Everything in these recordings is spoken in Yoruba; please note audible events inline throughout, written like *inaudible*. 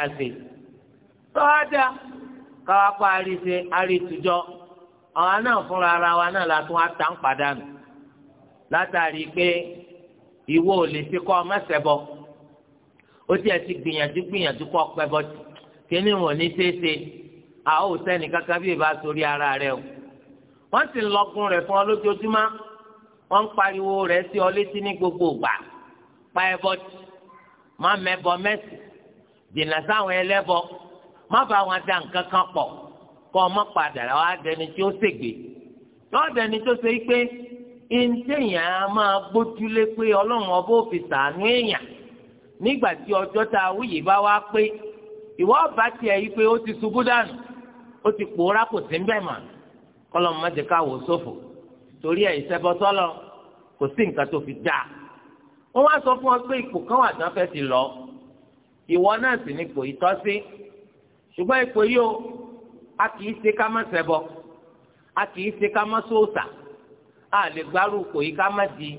dáadáa ṣe tọ́wádà káwá pa àríṣe àrítùjọ àwọn náà fúnra ara wa náà látún wá tà ń padànù látàrí pé ìwọ ò lè ṣe kọ́ ọ mẹ́sẹ̀bọ ó tiẹ̀ ti gbìyànjú gbìyànjú kọ́ pẹ́bọ kíní wọn ní ṣeéṣe a ó sẹ́ni kankan bí ìbá sórí ara rẹ o wọ́n sì ń lọ́gùn rẹ̀ fún ọ lójoojúmọ́ wọ́n ń pariwo rẹ̀ sí ọ létí ní gbogbo ìgbà pa ẹbọ má mẹ́bọ mẹ́sì dènà sáwọn ẹlẹ́bọ má bá wọn da nǹkan kan pọ̀ kọ́ ọmọ padà wá dẹni tí ó ṣègbè lọ́wọ́ dẹni tó ṣe pé ìǹtẹ̀yìn á máa gbójúlé pé ọlọ́run ọba ò fi sàánú èèyàn nígbà tí ọjọ́ tá a wúyè bá wá pé ìwọ ọba tiẹ̀ yí pé ó ti ṣubú dànù ó ti pòórá kò sí bẹ́ẹ̀ mà kọ́lọ́ mọ́ ti ká wò sófò torí ẹ̀ ìṣẹ́bọ sọ́lọ kò sí nǹkan tó fi dáa wọ́n wá sọ fún ọ pé ipò kan wà tán fẹ́ ti lọ́ọ́ ìwọ náà sì ní ipò ìtọ́sí ṣùgbọ́n ipò yìí o a kì í ṣe ká má ṣẹbọ a kì í ṣe ká má sóòṣà a lè gbárùkù yìí ká má di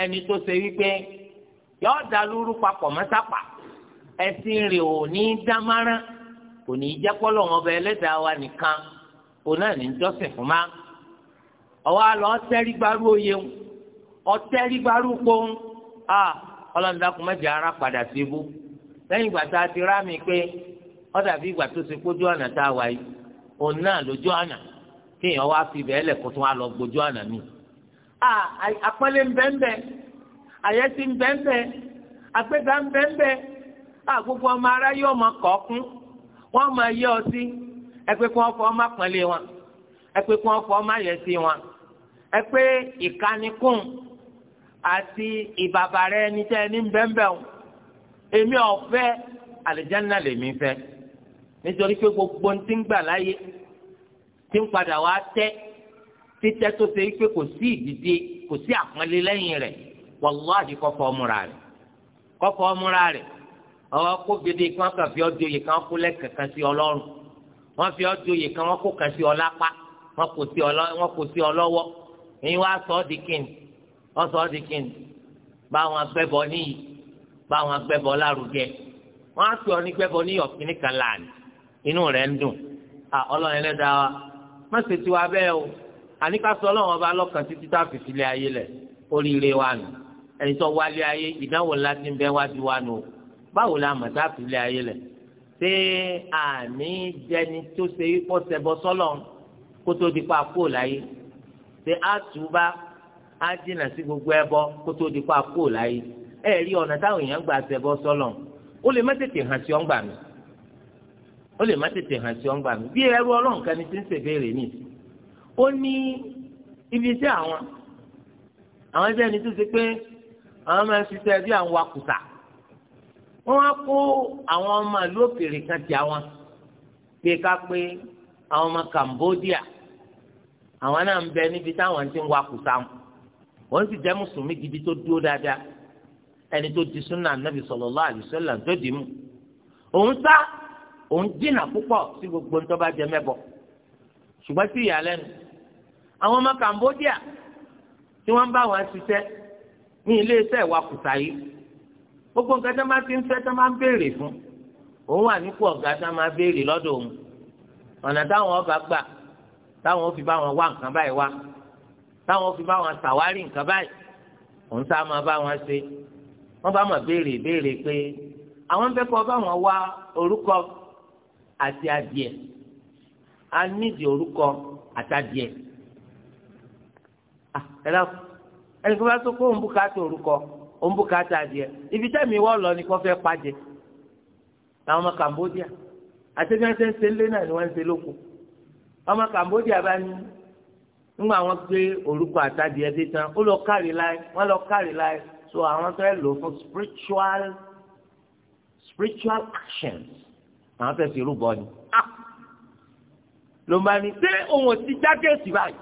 ẹni tó ṣe wípé yọ̀ọ́ da lóru papọ̀ mọ́sápà ẹ̀sìn rẹ̀ ò ní í dá márán kò ní í jẹ́ pọ́lọ́ wọn bẹ ẹlẹ́dàá wa nìkan òun náà ní í jọ́sìn fún má ọwọ́ àlọ́ ọtẹ́rí gbárù oyè ń ọtẹ́rí gbárù pọ́n ọlọ́run dákun mẹ́jẹ ara padà sí ibú. lẹ́yìn ìgbà tá a ti rá mi pé dàbí ìgbà tó ti kójú ọ̀nà tá a wà yìí òun náà lójú kéèyàn fi bẹ́ẹ̀ lẹ̀ kó wá lọ gbójú ọ̀nà mi. àpẹẹlẹ ń bẹ́ẹ̀ bẹ́ẹ̀ àyẹ́sí ń ọmọ ará yóò wọ́n ọ sí ẹgbẹ́ wọn ẹgbẹ́ kí wọ́n fọ wọn ẹgbẹ́ àti tẹ́ ẹni ń èmi ọ̀fẹ́ àlìjáná lèmi fẹ́ nítorí pé gbogbo ń ti ń gbà láyé ti ń padà wá tẹ́ títẹ́ tó ṣe pé kò sí ìdíje kò sí àpọ́nlé lẹ́yìn rẹ̀ wàláhì kọ́kọ́ ọmúra rẹ̀ kọ́kọ́ ọmúra rẹ̀ ọwọ́ kó gidi kan kàn fi ọjọ́ yìí kan kó lẹ́kàn kan sí ọlọ́run wọ́n fi ọjọ́ yìí kan wọ́n kó kan sí ọlápá wọ́n kó sí ọlọ́wọ́ èyí wá sọ ọ́ di kíni wọ́n sọ ọ́ di kíni báwọn abẹ́bọ níyì bá wọn gbẹbọ lárugẹ wọn á pè ọ ní gbẹbọ ní ọ̀kìnní kan láàánú inú rẹ̀ ń dùn à ọlọ́run ẹlẹ́dàá wa má ṣe tiwa bẹ́ẹ̀ o àníkàsọ ọlọ́run ọba lọ́kàn títí tá a fi sílé ayé lẹ̀ oríire wa nù ẹni tó wálé ayé ìdánwò ńlá ti ń bẹ wá sí wa nù o báwo la mọ̀ tá a fi sílé ayé lẹ̀ ṣé àní jẹni tó ṣe ipò ṣẹbọ sọ́lọ̀ kó tó di pa kó láyé ṣé àtúbà á jìnnà sí gbogbo ẹbọ kó tó di pa kó láyé ẹ rí ọ̀nà táwọn èèyàn gbà ṣẹbọ sọ́lọ̀ ó lè má tètè hàn sí ọ̀ngbà mi ó lè má tètè hàn sí ọ̀ngbà mi bí ẹrú ọlọ́run kan ní ti ń ṣèbéèrè ní ó ní ibi iṣẹ́ àwọn àwọn ẹgbẹ́ ẹni tó ṣe pé àwọn máa ń ṣiṣẹ́ bí àwọn wakùsà wọ́n á kó àwọn ọmọ ìlú òkèèrè kan ti àwọn pé ká pé àwọn ọmọ Cambodia àwọn náà ń bẹ níbi táwọn ti ń wakùsà wọn sì jẹ́ mùsùlùmí gidi tó dúró dáadáa ẹni tó di súnà nàbì sallallahu alaihi wasallam tó dì í mú òun sá òun jìnnà púpọ̀ sí gbogbo ń tọ́ba jẹ mẹ́bọ ṣùgbọ́n sí ìyàlẹ́nu àwọn ọmọ Cambodia tí wọ́n bá wọn ṣiṣẹ́ ní iléeṣẹ́ ìwakùsà yìí gbogbo nǹkan tó máa ti ń fẹ́ tó máa ń béèrè fún òun wà nípò ọ̀gá tó máa béèrè lọ́dọ̀ òun ọ̀nà táwọn ọba gbà táwọn fi bá wọn wá nǹkan báyìí wá táwọn fi bá wọn ṣàwárí nǹkan báyìí òun sá máa bá wọn ṣe wọ́n bá máa béèrè béèrè pé àwọn fẹ́ kọ́ báwọn wá orúkọ àti adìẹ a nídìí orúkọ àti adìẹ ah, ẹ dákun ẹni kó bá tó kó òǹbùkátà orúkọ òǹbùkátà adìẹ ibi tẹ́mi wọ́n lọ ni kò fẹ́ pàjẹ́ làwọn ọmọ Cambodia àti bí wọ́n ṣe ń ṣe lé náà ni wọ́n ń ṣe lóko ọmọ Cambodia bá ní ńgbà wọn gbé orúkọ àti adìẹ dé tán ó lọ kárí láì wọ́n lọ kárí láì so àwọn fẹ́ lò fún spiritual spiritual actions àwọn fẹ́ fi rúbọ ni ah! ló máa ní ṣé òun ò ti já géètì báyìí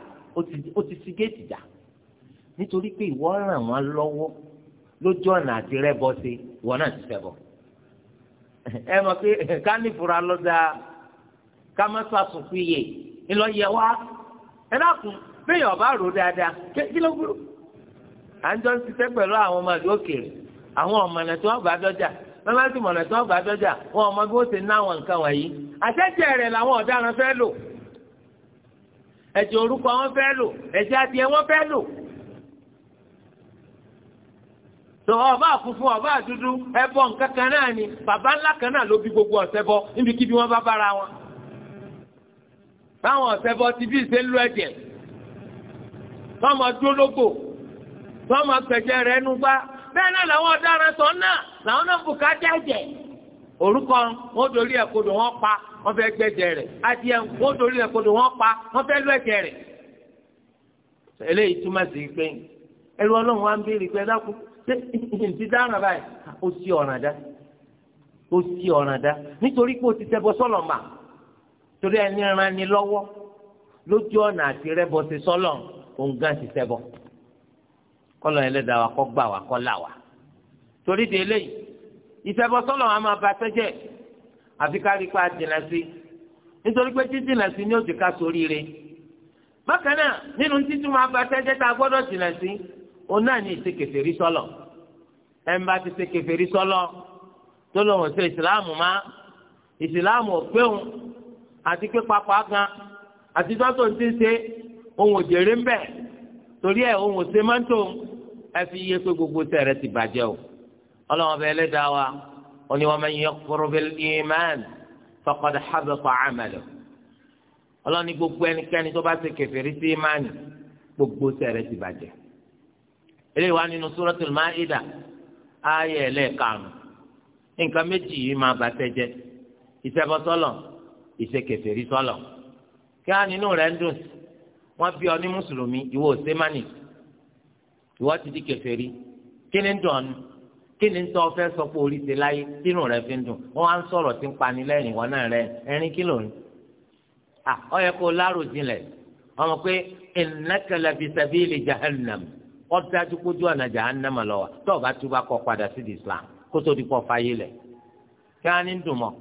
ó ti ti géètì já nítorí pé ìwọ ràn wọ́n lọ́wọ́ lójú ọ̀nà àti rẹ́bọ ṣe ìwọ náà ti ṣẹbọ ẹ mọ̀ pé ká ní ìfura lọ́dà ká má sọ àsùnkú iye ńlọ yẹ wá ẹ dákun bẹ́ẹ̀ ọ̀bá rò dáadáa kí ló burú à ń jọ ń ṣiṣẹ́ pẹ̀lú àwọn ọmọ ìlú òkèèrè àwọn ọ̀mọ̀nà tí wọ́n bá dọ́jà wọ́n bá ti mọ̀nà tí wọ́n bá dọ́jà wọn ọmọ bí wọ́n ti ná àwọn wọn fẹ́ lò ẹ̀jẹ̀ adìẹ wọn fẹ́ lò ọba funfun ọba dúdú ẹbọ nǹkan kan náà gbogbo ọ̀sẹ̀ bọ níbikíbi wọn bá wọn báwọn ọ̀sẹ̀ ti bí ìṣe ń wọ́n máa pẹ̀jẹ́ rẹ̀ ẹnu gbá bẹ́ẹ̀ náà làwọn ọ̀daràn sọ náà làwọn náà bùkátà ẹ̀jẹ̀ orúkọ wọn dorí ẹ̀ kodò wọn pa wọn fẹ́ gbẹ̀jẹ̀ rẹ̀ adìẹ wọn ẹ̀ kodò wọn pa wọn fẹ́ rẹ̀. eléyìí túmọ̀ sí pé ọlọ́run wa ń kọlọ ẹlẹ́dàá wa kọ gbà wá kọ là wá torí de eléyìí ìfẹbọsọlọ wa máa ba sẹjẹ àfi kárí pa jìnnà sí nítorí pé jíjìnnà sí ni ó ti ká sórí rẹ̀ bákan náà nínú títí máa ba sẹjẹ tá a gbọ́dọ̀ jìnnà sí òun náà ní ìṣekèfèrí sọlọ ẹnba ti ṣekèfèrí sọlọ tó lọ wọn ṣe ìsìláàmù má ìsìláàmù òpéhùn àti pé papà gan àti tó tó ń ti ṣe òun òjèrè ń bẹ torí ẹ òun ò ṣe máa ẹ fi yé pé gbogbo tẹ̀rẹ̀ ti bàjẹ́ o ọlọ́wọ́n bẹ ẹlẹ́dàá wa ó ní wa man yakfur bil iman faqad habata amaluhu ọlọ́wọ́n ní gbogbo ẹnikẹ́ni tó bá ṣe kèfèrí sí ìmánì gbogbo tẹ̀rẹ̀ ti bàjẹ́ eléyìí wá nínú suratul Maida ayé ẹlẹ́ẹ̀karùn nǹkan méjì yìí máa bà tẹ́ jẹ́ ìṣẹ́bọ ìṣe kèfèrí sọ́lọ̀ kí á nínú rẹ̀ ń dùn wọ́n bí ọ ní mùsùlùmí ìwọ òsèmánì ìwọ ti di kèfèrí kí ni ń dùn ọ́nù kí ni tó fẹ́ sọ pé orí ti láyé tínú rẹ fi ń dùn wọ́n á ń sọ̀rọ̀ tí ń pani lẹ́yìn wọn náà rẹ ẹ̀rín kí ló ń. à ọ yẹ kó lárò jinlẹ̀ ọmọ pé ìnákẹ́lẹ́ fi sabili jahannam ọ dájú kójú ọ̀nà jahannam lọ wa tó o bá túbà kọ padà sí di islam kó tó di kọ fàyè lẹ̀ kí wọ́n á ní dùn mọ́.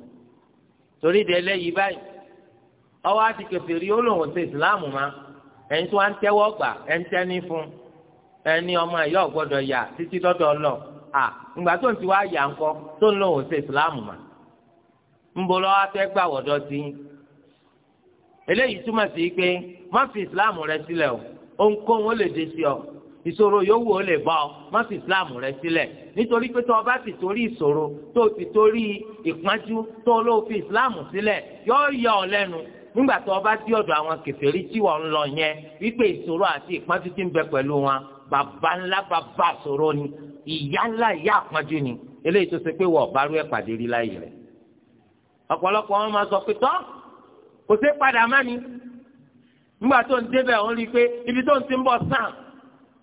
torí de eléyìí báyìí ọwọ́ àti islam ma ẹ̀ ń tó à ń tẹ́wọ́ gbà ẹ̀ ń tẹ́ ní fún ẹni ọmọ ẹ̀yà ọ̀gbọ́dọ̀ ya títí dọ́dọ̀ ọlọ́ à ńgbà tó ń ti wá yà ńkọ tó ń lòun ṣe ìsìláàmù mà ń bo gbà sí i eléyìí fi ìsìláàmù rẹ sílẹ̀ o ohunkóhun ó lè dé sí ọ ìṣòro yòówù ó lè ọ má fi rẹ sílẹ̀ nítorí pé tó o bá ti torí ìṣòro tó o ti torí ìpájú tó o ló fi sílẹ̀ yóò ọ lẹ́nu nígbà tó o bá dí ọ̀dọ̀ àwọn tí wọ́n ń lọ yẹn wípé ìṣòro àti ìpájú ti ń bẹ pẹ̀lú wọn bàbá ńlá bàbá sòro ni ìyá ńlá ìyá àpọ́njú ni eléyìí tó ṣe pé wọ́n bá rú ẹ̀ pàdé rí láyé rẹ̀ ọ̀pọ̀lọpọ̀ wọn máa sọ pé tọ́ kò sí padà má ni nígbà tó ń débẹ̀ òun rí i pé ibi tó ń ti ń bọ̀ sàn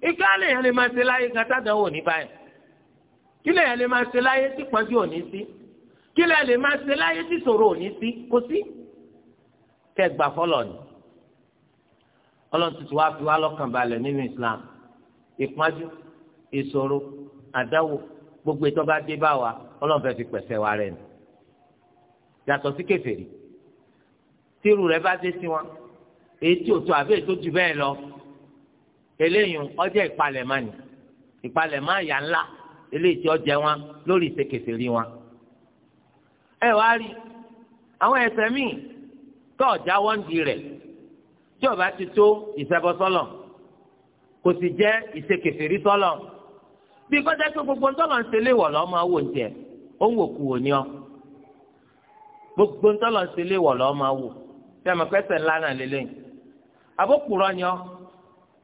ike alẹ́ lè máa ṣe láyé kan sádánwò ní báyìí kí lè lè máa ṣe láyé tí pọ́njú ò ní sí kí lè lè máa ṣe láyé tí ṣòro ò ní sí kò sí kẹgbà fọlọ ni ọlọ́run tuntun wá fi wá lọ́kàn balẹ̀ nínú Islam ìpájú ìṣòro àdáwò gbogbo ètò bá dé bá wa ọlọ́run fẹ́ fi pẹ̀sẹ̀ wa rẹ̀ nù yàtọ̀ sí kèfèrí tírù rẹ̀ bá dé sí wọn èyí tí òtún àbí ètò jù bẹ́ẹ̀ lọ eléyìí ọjọ́ ìpalẹ̀mọ́ ni ìpalẹ̀mọ́ àyà ńlá eléyìí tí ọjẹ wọn lórí ìṣekèfèrí wọn. ẹ wá rí àwọn ẹsẹ̀ míì tó ọ̀já wọ́ndì rẹ̀ tí ọba ti tó ìṣẹ́bọsọ́lọ̀ kò sì jẹ́ ìṣekèfèrí sọ́lọ̀ bí kọjá pé gbogbo ntọ́lọ̀ ń ṣe léwọ̀ lọ́ máa wò tiẹ̀ ó ń wò kú wò ní ọ gbogbo ntọ́lọ̀ ń ṣe léwọ̀ lọ́ máa wò tí a máa pẹ́sẹ̀ ńlá náà lélẹ́yìn àbókùrọ̀ ni ọ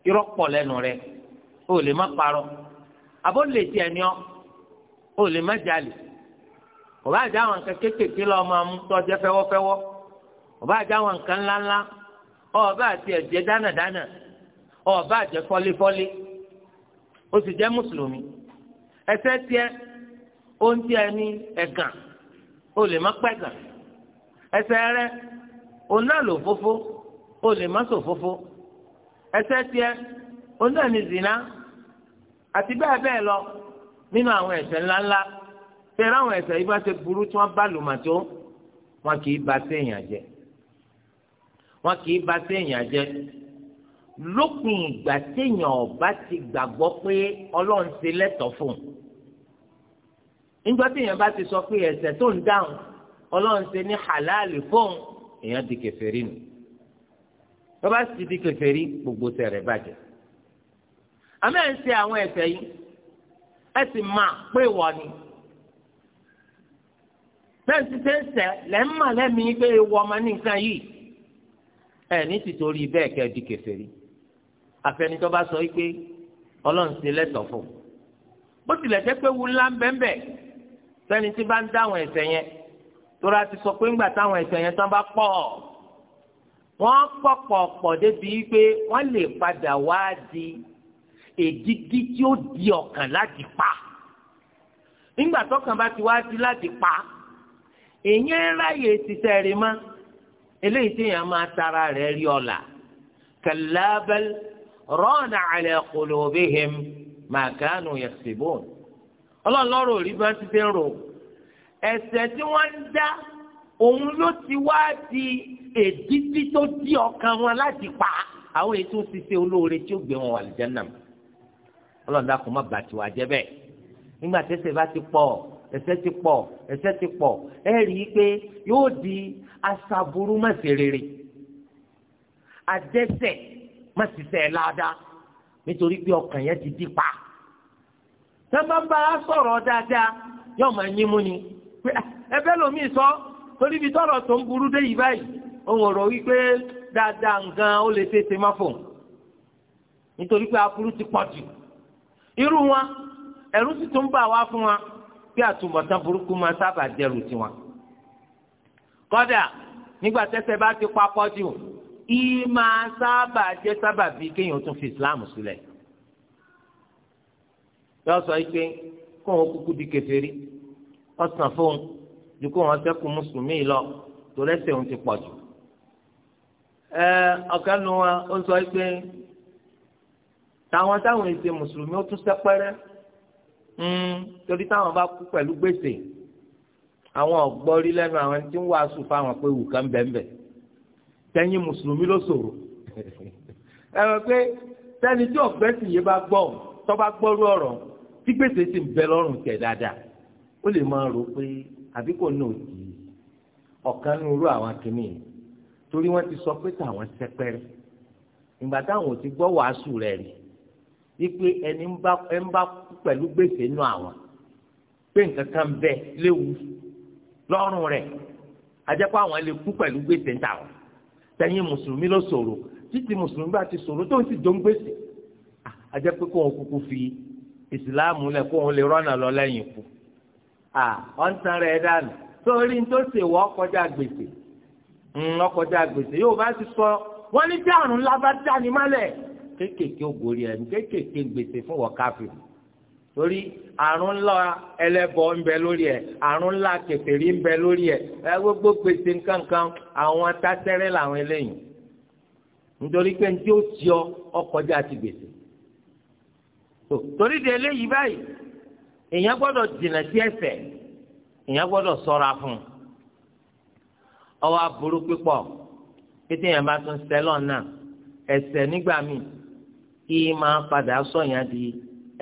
irọ́ pọ̀ lẹ́nu rẹ o lè má parọ́ àbó lè tiẹ̀ ni ọ o lè má jalè kò bá jẹ́ àwọn nǹkan kéékèèké lọ́ọ́ máa mú tọ́jẹ́ fẹ́wọ́fẹ́wọ́ kò bá jẹ́ àwọn nǹkan ńláńlá ọ̀ ọba àjẹ fọlífọlí o sì jẹ́ mùsùlùmí ẹsẹ̀ tiẹ̀ oúnjẹ ẹni ẹ̀gàn o lè má pẹ́ gàn ẹsẹ̀ rẹ oná lò fófó o lè má sò fófó ẹsẹ̀ tiẹ̀ oná ni zina àti bẹ́ẹ̀ bẹ́ẹ̀ lọ nínú àwọn ẹ̀ṣẹ̀ ńláńlá fẹ́rẹ́ àwọn ẹ̀ṣẹ̀ yìí bá ṣe burú tí wọ́n bá lòmàtó wọn kì í ba séèyàn jẹ wọn kì í ba séèyàn jẹ lópin ìgbà téèyàn ọba ti gbàgbọ́ pé ọlọ́run ṣe lẹ́tọ̀ọ́ fún un nígbà téèyàn bá ti sọ pé ẹ̀ṣẹ̀ tó ń dáhùn ọlọ́run ṣe ní halali fún un èèyàn di kèfèrí nù tó bá sì di kèfèrí gbogbo tẹ̀rẹ̀ bàjẹ́ àmọ́ ẹ̀ ń ṣe àwọn ẹ̀ṣẹ̀ yìí ẹ sì máa pé wọ́n ni bẹ́ẹ̀ ti ṣe ń sẹ́ lẹ́ẹ̀mà lẹ́mìí pé ewu ọmọ ní yìí ẹ̀ ní ti torí bẹ́ẹ̀ kẹ́ di kèfèrí àfẹnitọ́ bá sọ wípé ọlọ́run ti lẹ́tọ̀ fún un bó tilẹ̀ jẹ́ pé wu ńlá ń bẹ́ẹ̀ bẹ́ẹ̀ sẹ́ni tí bá ń dá àwọn ẹ̀ṣẹ̀ yẹn tóra ti sọ pé ńgbà táwọn ẹ̀ṣẹ̀ yẹn tán bá pọ̀ wọ́n pọ̀pọ̀pọ̀ débi wípé wọ́n lè padà wá di èdígí tí ó di ọkàn láti pa nígbà tọkàn bá ti wá di láti pa èyí ráyè títẹ̀ rí mọ́ eléyìí tí èèyàn máa tara rẹ̀ rí ọ̀la kẹlẹ́bẹ́lẹ́ rọ́ọ̀nà àlẹ́ qulubihim ma kanu yaksibun ọlọ́run lọ́rọ̀ òrí bá ti dé rò ẹ̀ṣẹ̀ tí wọ́n ń dá òun ló ti wá di èdítí tó di ọkàn wọn láti pa àwọn ètò ṣiṣẹ́ olóore tí ó gbé wọn wà lìjánà ọlọ́run dákun má bàtì wá jẹ́ bẹ́ẹ̀ nígbà tẹ́ṣẹ̀ bá ti pọ̀ ẹ̀ṣẹ̀ ti pọ̀ ẹ̀ṣẹ̀ ti pọ̀ ẹ rí i pé yóò di aṣàbùrú mọ̀sẹ̀ rere àdẹ́ṣẹ̀ má ti sẹ́ ẹ láadáa nítorí pé ọkàn yẹn ti dí pa sábà bá a sọ̀rọ̀ dáadáa yóò máa yín mú ni pé ah, ẹbẹ́ lomi sọ torí ibi tọrọ tó ń burú dé yìí báyìí òun rò wípé dáadáa nǹkan ó lè tètè má fò nítorí pé aburú ti pọ̀ jù irú wọn ẹ̀rù sì tún bà wá fún wa bí àtúbọ̀tán burúkú máa sábà dẹrù tiwọn kódà nígbà tẹ́ṣẹ̀ bá ti papọ̀ jù ìmọ̀ sábà jẹ́ sábà bíi kéèyàn tún fi islam sílẹ̀ yọ sọ pé kó wọn kúkú di kèfèrí ọsàn fóun ju kó wọn ṣẹ́kù mùsùlùmí lọ torí ẹ̀ṣẹ̀ òun ti pọ̀ jù ẹ ọ̀kan nu wọn ó sọ pé táwọn táwọn èsè mùsùlùmí ó tún sẹ́pẹ́rẹ́ hmm, torí táwọn bá kú pẹ̀lú gbèsè àwọn ọ̀gbọ́rí lẹ́nu àwọn tí ń wàásù fáwọn pé wù kán bẹ́ẹ̀ bẹ́ẹ̀ tẹ̀yin mùsùlùmí ló ṣòro ẹ mọ̀ pé sẹ́ni tí ọ̀gbẹ́ sì yé bá gbọ́ tó bá gbọ́rú ọ̀rọ̀ tí gbèsè sì ń bẹ lọ́rùn tẹ̀ dáadáa ó lè máa rò pé àbí kò náà di ọ̀kan ní irú àwọn kìnnìún torí wọ́n ti sọ pé tàwọn sẹ́pẹ́rẹ́ ìgbà táwọn ò ti gbọ́ wàásù rẹ̀ rí wípé ẹni ń bá pẹ̀lú gbèsè nù àwọn pé nǹkan kan bẹ léwu lọ́rùn rẹ̀ ajẹ́pọ̀ àwọn lè kú pẹ̀lú gbèsè ń tàwọn tẹ̀yìn mùsùlùmí ló sọ̀rọ̀ títí mùsùlùmí bá ti sọ̀rọ̀ tó ń sì dóńgbé sí a jẹ́ pé kó wọn kúkú fi ìsìláàmù lẹ̀ kó wọn lè rọ́nà lọ lẹ́yìn kù à ọ̀ ń tan rẹ̀ dànù torí tó ṣe wọ́ ọkọjá gbèsè ọkọjá hmm, gbèsè yóò bá ti sọ wọ́n ní tí àrùn ńlá bá dání mọ́lẹ̀ kéékèèké ògbórí ẹ̀ kéékèèké gbèsè fún wọ́n káfíìn torí àrùn ńlá ẹlẹ́bọ ń bẹ lórí ẹ̀ àrùn ńlá kẹfẹ́rí ń bẹ lórí ẹ̀ ẹ gbogbo pèsè nǹkankan àwọn tásẹ́rẹ́ làwọn eléyìí nítorí pé ní tí ó ti ọ ọkọjá ti gbèsè torí de eléyìí báyìí èèyàn gbọ́dọ̀ dènà sí ẹ̀ṣẹ̀ èèyàn gbọ́dọ̀ ṣọ́ra fún un aburú pípọ̀ pété yẹn bá tún sẹ́lọ̀ náà ẹ̀ṣẹ̀ nígbà míì kí máa padà sọ̀yàn di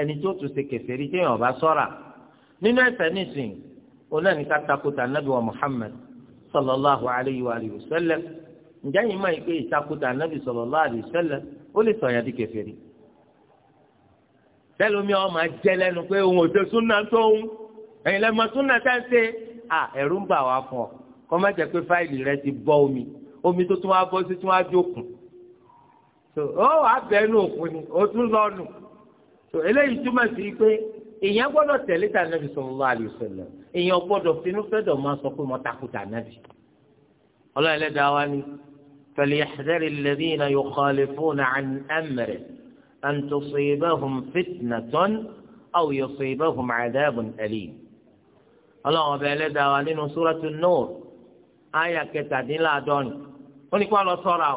ẹni tí ó tún ṣe kèfèrí tí èèyàn bá ṣọ́ra nínú ẹ̀ṣẹ̀ nísìn òun náà ní ká takùtà nábì wa Muhammad sallallahu alayhi wa alihi wa sallam ǹjẹ́ yìí máa pé ìtakùtà nábì sallallahu alayhi wa sallam ó lè sọ yẹn di kèfèrí tẹlomi ọmọ ajẹ lẹ́nu pé òun ò ṣe súnà tó ń ẹ̀yin lẹmọ súnà tá ń ṣe à ẹ̀rù ń bà wá fún ọ kọ má jẹ pé fáìlì rẹ ti bọ omi omi tó tún wá bọ sí tún wá jókun ó wàá òkun ni ó tún lọ nù tó eléyìí túmọ̀ sí pé èèyàn gbọ́dọ̀ tẹ̀lé tà nàbì sallallahu alaihi wasallam èèyàn gbọ́dọ̀ finúfẹ́dọ̀ máa sọ pé mo takuta nàbì ọlọ́run ẹlẹ́dàá wa ni falyahdhari alladhina yukhalifuna an amrihi an tusibahum fitnatun aw yusibahum adhabun alim ọlọ́run ọba ẹlẹ́dàá wa nínú súrọ́tù nùr àyà kẹtàdínláàdọ́rin ó ní kó lọ sọ́ra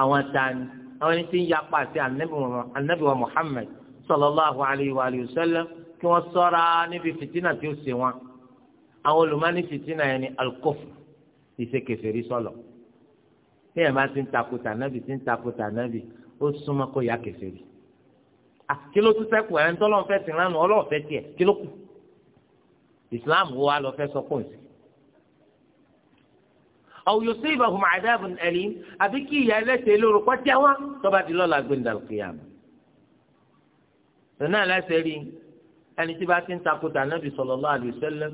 àwọn sallallahu alayhi wa alihi wa sallam kí wọ́n ṣọ́ra níbi fìtínà tí ó ṣe wọn àwọn olùmọ́ni fìtínà yẹn ni alukófù ìṣekèfèrí sọlọ bí ẹ̀ máa ti ń takùtà nábì ti ń takùtà nábì ó súnmọ́ kó ya kèfèrí kí ló tún sẹ́kù ẹ̀ ń tọ́ lọ́n fẹ́ sí ránù ọlọ́ọ̀ fẹ́ tiẹ̀ kí ló kù islam wo wa lọ fẹ́ sọ pọ̀ sí. aw yusibahum adhabun alim àbí kí ìyá ẹlẹ́sẹ̀ lóru kọ́ tẹ́wọ́n tó lọ́la gbẹ̀ndàlùkìyàmù lọ́nà aláṣẹ rí ẹni tí bá ti ń takòtà anábì sallallahu alaihi wasallam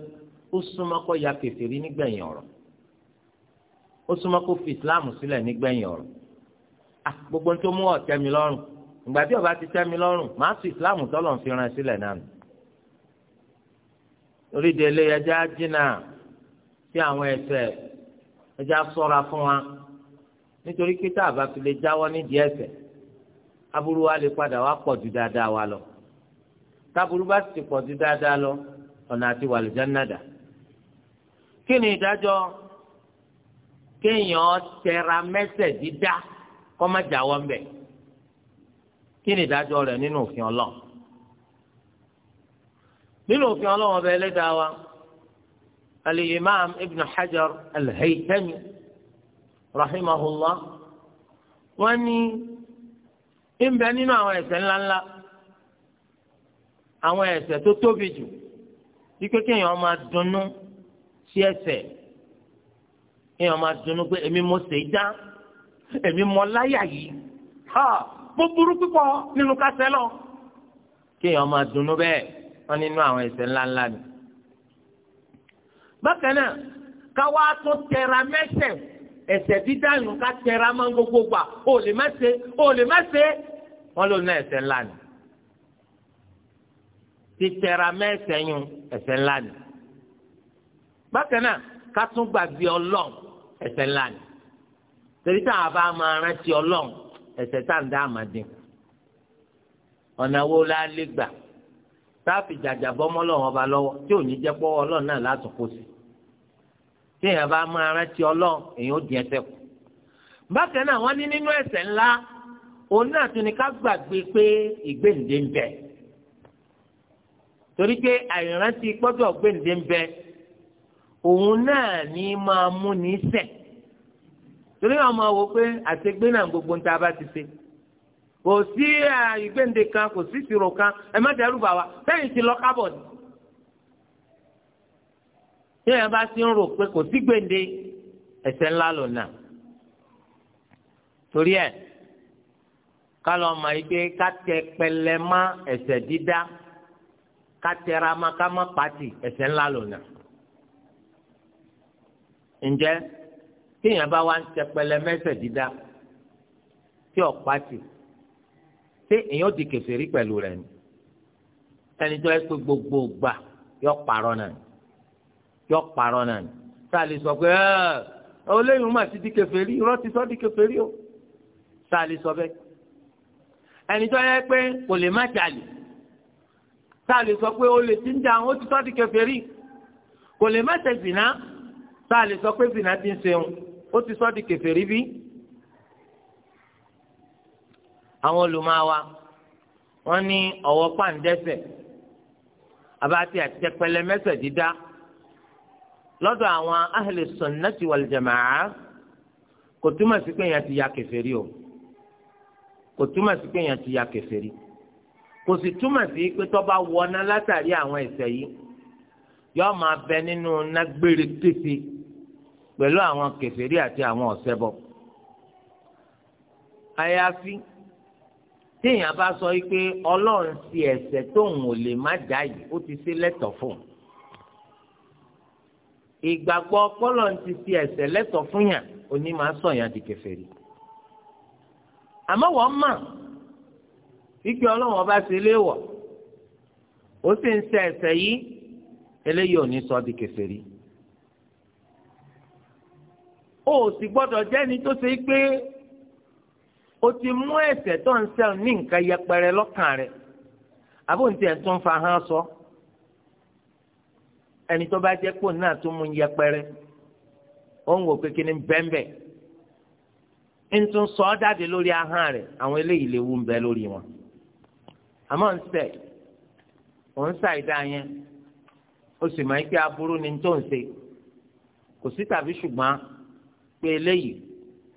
ó súnmọ́ kó ya kèfèrí nígbẹ̀yìn ọ̀rọ̀ ó súnmọ́ kó fi ìsìláàmù sílẹ̀ nígbẹ̀yìn ọ̀rọ̀ ah, gbogbo tó mú ọ̀tẹ́ mi lọ́rùn ìgbà tí ọba ti tẹ́ mi lọ́rùn màá fi ìsìláàmù tọ́lọ̀ ń fi ran sílẹ̀ náà nù. oríde eléyẹjẹ á jìnnà sí àwọn ẹ̀ṣẹ̀ ẹjẹ á fún wa nítorí pé tá fi lè jáwọ́ nídìí ẹ̀ṣẹ̀ aburú wa lè padà wá pọ̀ ju dáadáa wa lọ táburú bá sì pọ̀ ju dáadáa lọ ọ̀nà àti wàlùjá nàdà kí ni ìdájọ́ kéèyàn tẹra mẹ́sẹ̀ dídá kọ́ má jà wọ́n bẹ̀ kí ni ìdájọ́ rẹ̀ nínú òfin ọlọ́run nínú òfin ọlọ́run ọba ẹlẹ́dàá wa al ibn hajar al rahimahullah wọ́n ní ń bẹ nínú àwọn ẹ̀ṣẹ̀ ńláńlá àwọn ẹ̀ṣẹ̀ tó tóbi jù wípé kéèyàn máa dunnú sí ẹ̀ṣẹ̀ kéèyàn máa dunnú pé èmi mo ṣe é dá èmi mo láyà yìí ha mo burú púpọ̀ nínú kásẹ̀ lọ kéèyàn máa dunnú bẹ́ẹ̀ wọ́n nínú àwọn ẹ̀ṣẹ̀ ńláńlá ni. bákan náà káwá tó tẹra mẹ́ṣẹ̀ ẹ̀ṣẹ̀ dídá yìí ká tẹra máa ń gbogbo gbà ó lè má ṣe ó lè má ṣe wọ́n lò ní ẹ̀ṣẹ̀ ńlá ni. títẹra mẹ́sẹ̀yìn ẹ̀ṣẹ̀ ńlá ni bákan náà ká tún gbàgbé ńlá ni torí táwọn abá máa rántí ọlọ́run ẹ̀ṣẹ̀ tá à ń dá ọ̀nà wo la lè tí ò ní jẹ́ pọ́ ọlọ́run náà látún kó sí tí èèyàn bá máa rántí èèyàn ó kù bákan náà wọ́n ní nínú torí pé àìrántí gbọ́dọ̀ gbèǹde ń bẹ òun náà ní máa mú ní ṣẹ̀ torí àwọn ọmọ wo pé àtẹgbé náà gbogbo ń ta bá ti ṣe kò sí ìgbèǹde kan kò sí ìṣirò kan ẹ má dẹ́rù bà wá sẹ́yìn ti lọ kábọ̀ ni tí ẹ bá ti ń rò pé kò sí gbèǹde ẹ̀ṣẹ̀ ńlá lò náà torí ẹ ká lọ mọ ike ká tẹ pẹlẹ mọ́ ẹ̀ṣẹ̀ dídá ká tẹra ma ká má pàtì ẹ̀ṣẹ̀ ńlá lòna. ǹjẹ́ téèyàn bá wá ń tẹpẹlẹ mẹ́sẹ̀ dídá tí ò pàtì ṣé èèyàn di kèfèrí pẹ̀lú rẹ̀ ni ẹni tó yẹ pé gbogbo gbà yọ parọ́ náà yọ parọ́ náà sáà lè sọ pé ẹ ọ lẹ́yìn mà ti di kèfèrí irọ́ ti sọ di kèfèrí o sáà lè sọ bẹ́ẹ̀ ẹni tó yẹ pé kò lè má jalè tá a lè sọ pé ó lè ti ń jà ó ti tọ́ di kèfèrí kò lè má ṣe zìnà tá a lè sọ pé zìnà ti ń ṣeun ó ti sọ́ di kèfèrí bí. àwọn olùmọ̀wá wọ́n ní ọ̀wọ́ pàǹdẹ́sẹ̀ abáti àtẹ̀pẹ̀lẹ̀ mẹ́sẹ̀ dídá lọ́dọ̀ àwọn ahli sunnati wal jamaa kò túmọ̀ sí pé èèyàn ti ya kèfèrí o kò túmọ̀ sí pé èèyàn ti ya kèfèrí o kò sì túmọ̀ sí pé tó bá wọná látàrí àwọn ẹ̀ṣẹ̀ yìí yóò máa bẹ nínú nágbére kése pẹ̀lú àwọn kèfèrí àti àwọn ọ̀ṣẹbọ. àyàfi téèyàn bá sọ pé ọlọ́run sí ẹ̀ṣẹ̀ tóun ò lè má dá yìí ó ti ṣe lẹ́tọ̀ọ́ fún un. ìgbàgbọ́ ọpọlọ́run ti ṣe ẹ̀ṣẹ̀ lẹ́tọ̀ọ́ fún yàn oní máa sọ di kèfèrí. àmọ́ wọ́n mọ̀ ike ọlọ́run ọba ṣe léèwọ̀ ó sì ń ṣe ẹ̀ṣẹ̀ yìí eléyìí ò ní sọ di kèfèrí ó sì gbọ́dọ̀ jẹ́ni tó ṣe pé o ti mú ẹ̀ṣẹ̀ tó ń ṣe ní nǹkan yẹpẹrẹ lọ́kàn rẹ̀ àbóǹtí ẹ̀ tó ń fa hàn sọ ẹni tó bá jẹ́ pò náà tó mú yẹpẹrẹ ó ń wò pé kí bẹ́ńbẹ́ ń tún sọ ọ́ jáde lórí ahọ́n rẹ̀ àwọn eléyìí léwu ń bẹ lórí wọn àmọ́ ń sẹ̀ ò ń ṣàìdá yẹn ó sì máa ń pé aburú ni tó ń ṣe kò sí tàbí ṣùgbọ́n pé eléyìí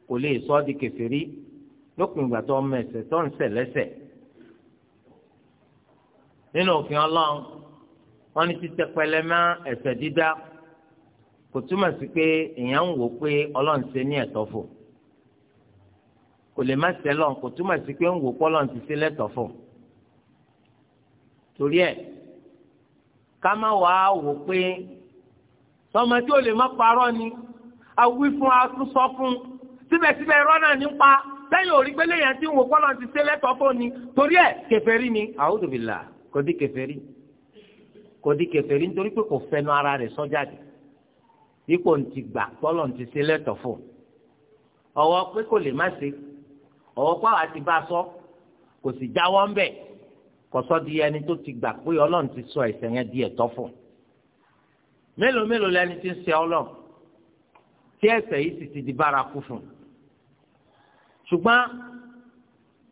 kò lè sọ ọ́ di kèfèrí lópin ìgbà tó ọmọ ẹ̀ṣẹ̀ tó ń ṣẹ̀ lẹ́ṣẹ̀ nínú òfin Ọlọ́run wọ́n ní títẹ pẹlẹmọ ẹ̀ṣẹ̀ dídá kò túmọ̀ sí pé èèyàn ń wò pé Ọlọ́run ṣe ní ẹ̀tọ́ fò kò lè má ṣẹlọ kò túmọ̀ sí pé ń wò pé ti ṣe lẹ́tọ̀ọ́ fò torí ẹ̀ ká má wàá wò pé sọmọ tí ò lè má parọ́ ni awí fún asúsọ fún síbẹ̀síbẹ̀ irọ́ náà ní pa lẹ́yìn òrí gbélé yẹn tí ń wò kọ́lọ́ ti ṣe lẹ́tọ̀ọ́ fún ni torí ẹ̀ kèfèrí ni a'udhu billah kò di kèfèrí kò di kèfèrí nítorí pé kò fẹnu ara rẹ̀ sọ jáde ipò ń ti gbà kọ́lọ́ ti ṣe lẹ́tọ̀ọ́ fún ọwọ́ pé kò lè má ṣe ọwọ́ pàwọ́ àti bá sọ kò sì jáwọ́ ń bẹ̀ kọsọ di ẹni tó ti gbà pé Ọlọ́run ti sọ ẹ̀ṣẹ̀ yẹn di ẹ̀tọ́ fún mélòó mélòó lẹni tí ń ṣẹ̀ Ọlọ́run tí ẹ̀ṣẹ̀ yìí sì ti di bárakú fún ṣùgbọ́n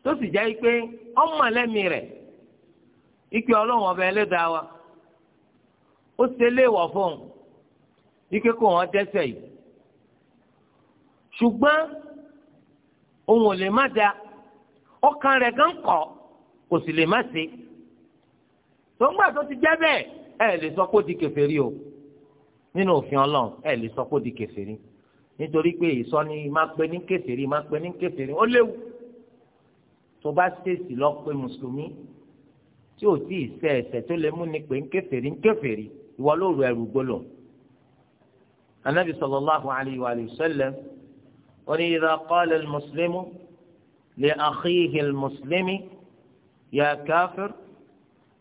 tó sì jẹ́ pé ọmọ lẹ́mìí rẹ̀ ike Ọlọ́run ọba ẹlẹ́dàá wa ó ṣe léèwọ̀ fún ike kó wọn dẹ́ṣẹ̀ yìí ṣùgbọ́n òun ò lè má da ọkàn rẹ̀ gan kọ̀ kò sì lè má ṣe tó ń gbà tó ti jẹ́ bẹ́ẹ̀ ẹ lè sọ pé ó di kèfèrí o nínú òfin Ọlọ́run ẹ lè sọ pé ó di kèfèrí nítorí pé ìsọni máa pè ní kèfèrí máa pè ní kèfèrí ó léwu tó bá ṣèèsì lọ pé mùsùlùmí tí ò tí ì ṣẹ̀ ẹ̀ṣẹ̀ tó lè mú ni pé ń kèfèrí ń kèfèrí ìwọ ló rọ ẹrù gbọlọ anabi sallallahu alayhi wa sallam ó ní idha qala al-muslimu li akhihi يا كافر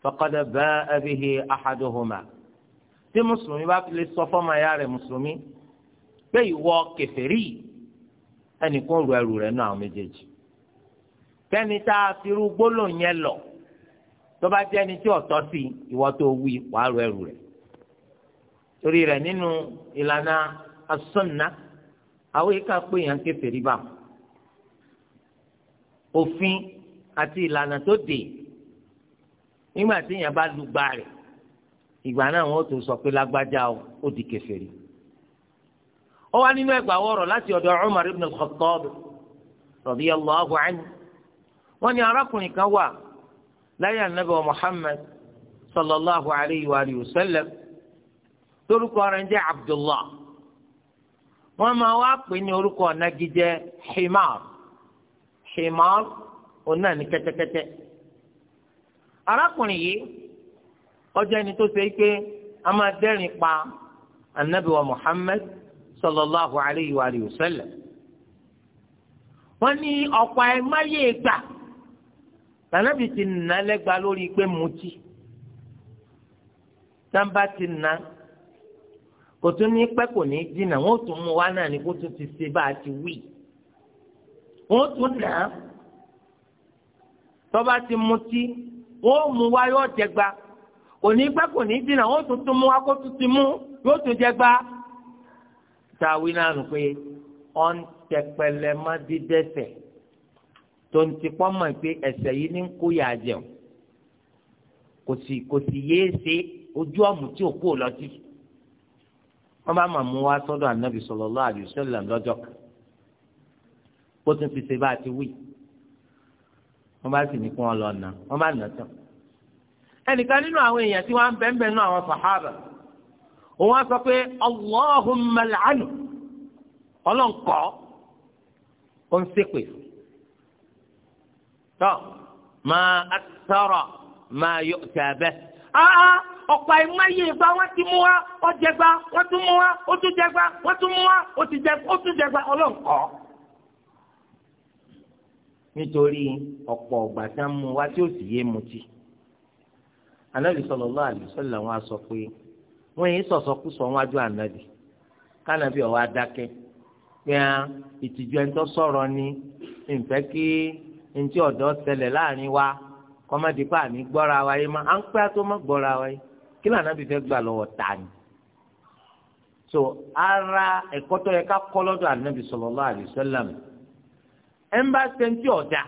فقد باء به أحدهما tí mùsùlùmí bá fi lè sọ fọ́mọ ẹ̀yà rẹ̀ mùsùlùmí pé ìwọ kèfèrí ẹnìkan ru ẹrù rẹ̀ náà lọ tó bá jẹ́ ẹni tí ọ̀tọ̀ sí ìwọ tó wí wàá ru ẹrù rẹ̀ torí nínú ìlànà àti ìlànà tó dé nígbà tí èèyàn bá lùgbà rẹ̀ ìgbà náà wọn ò tó sọ pé lágbájá o ó di kèfèrí. ó wá nínú ẹgbà wọ̀rọ̀ láti ọ̀dọ̀ Umar ibn al-Khattab radiyallahu anhu wọ́n ní arákùnrin kan wà láyé anabi wa Muhammad sallallahu alayhi wa sallam lórúkọ rẹ̀ ń jẹ́ Abdullah wọ́n máa wá pè ní orúkọ nagijẹ himar himar òun ní kẹ́tẹ́kẹ́tẹ́ arákùnrin yìí ọjọ́ ẹni tó ṣe a máa dẹ́rìn pa Anabiwa wa sallallahu alayhi wa sallam wọ́n ní ọ̀pọ̀ ẹ̀ máyé gbà lori ti nà lẹ́gba lórí pé mutí tàǹbà ti nà kò tún ní pẹ́ kò ní dínà wọ́n tún mú wa náà ní kó ti ṣe bá a ti wí wọ́n tún nà tọ́ba ti mutí wọ́n mú wa yóò jẹ gba kò ní gbẹ́ kò ní dínà wọ́n tún tún mú wa kó tún ti mú yóò tún jẹ gba. tàwí náà nù pé ọ̀n tẹpẹlẹ má di dẹ́ṣẹ̀ tó ń ti pọ́nmọ̀ pé ẹ̀ṣẹ̀ yìí ní kó yà jẹun kò sì kò sì yéé ṣe ojú ọ̀mù tí ò kú ò lọ sí. wọ́n bá màmú wa sọ́dọ̀ ànábì sallallahu alaihi wasallam lọ́jọ́ kan ó tún fi ṣe bá a ti wí wọ́n bá sì ní kí wọ́n lọ nà wọ́n bá nà tán. ẹnìkan nínú àwọn èèyàn tí wọ́n bẹ́ẹ̀ bẹ́ẹ̀ nínú àwọn sàhábà òun á sọ pé Allahumma làánù ọlọ́nkọ́ ó ń ṣépè tọ́ máa àtọ́rọ̀ máa yọ tẹ̀bẹ́. ọ̀pọ̀ ìmọ̀ye ìgbà wọ́n ti mú wa ó wọ́n tún mú wa ó tún jẹgba wọ́n tún mú wa ó tún jẹgba ọlọ́nkọ́. nítorí ọ̀pọ̀ ọ̀gbà tá ń mu wá tí ó sì yé mutí anabi sallallahu alaihi wasallam wọn sọ pé wọn yìí sọsọkúsọ wọn adó anabi kánabi ọwọ pé ìtìjú ni nfẹ́ kí ntí ọdọ ṣẹlẹ̀ láàrin wa kọ́mọ́dé pa àmì wa yìí má à ń pẹ́ tó má gbọ́ra wa yìí kí fẹ́ so ara ẹ̀kọ́ tó yẹ ká kọ́ lọ́dọ̀ anabi ẹnba sẹńtì ọjà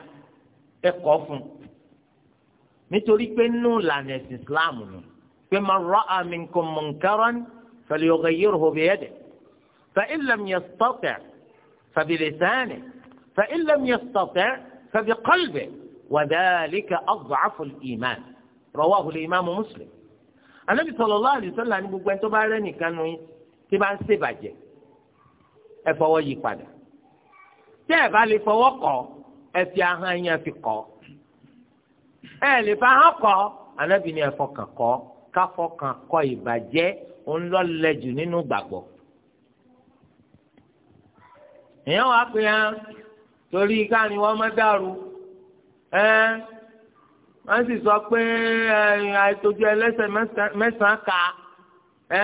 ẹ kọ fún nítorí pé nínú ìlànà ẹsìn islam nù pé man ra'a minkum munkaran falyughayyirhu biyadihi fa in lam yastati' fa bilisanihi fa in lam yastati' fa biqalbihi wa dhalika ad'afu al-iman rawahu al-imam muslim anabi sallallahu alayhi wa sallam ní gbogbo ẹni tó bá rẹ nìkan nù yín tí bá ń ṣèbàjẹ́ ẹ tẹ́ ẹ̀ bá lè fọwọ́ kọ́ ẹ fi ahọ́n yẹn fi kọ́ ẹ lè fa ahọ́n kọ́ anábì ni ẹ̀fọ́ kàn kọ́ káfọ́ kàn kọ́ ìbàjẹ́ ńlọ́lẹ́jù nínú gbàgbọ́ èèyàn wá pé ẹ torí káàní wọn má dàrú ẹ wọn sì sọ pé ẹ àìtójú ẹlẹ́sẹ̀ mẹ́sàn-án ká ẹ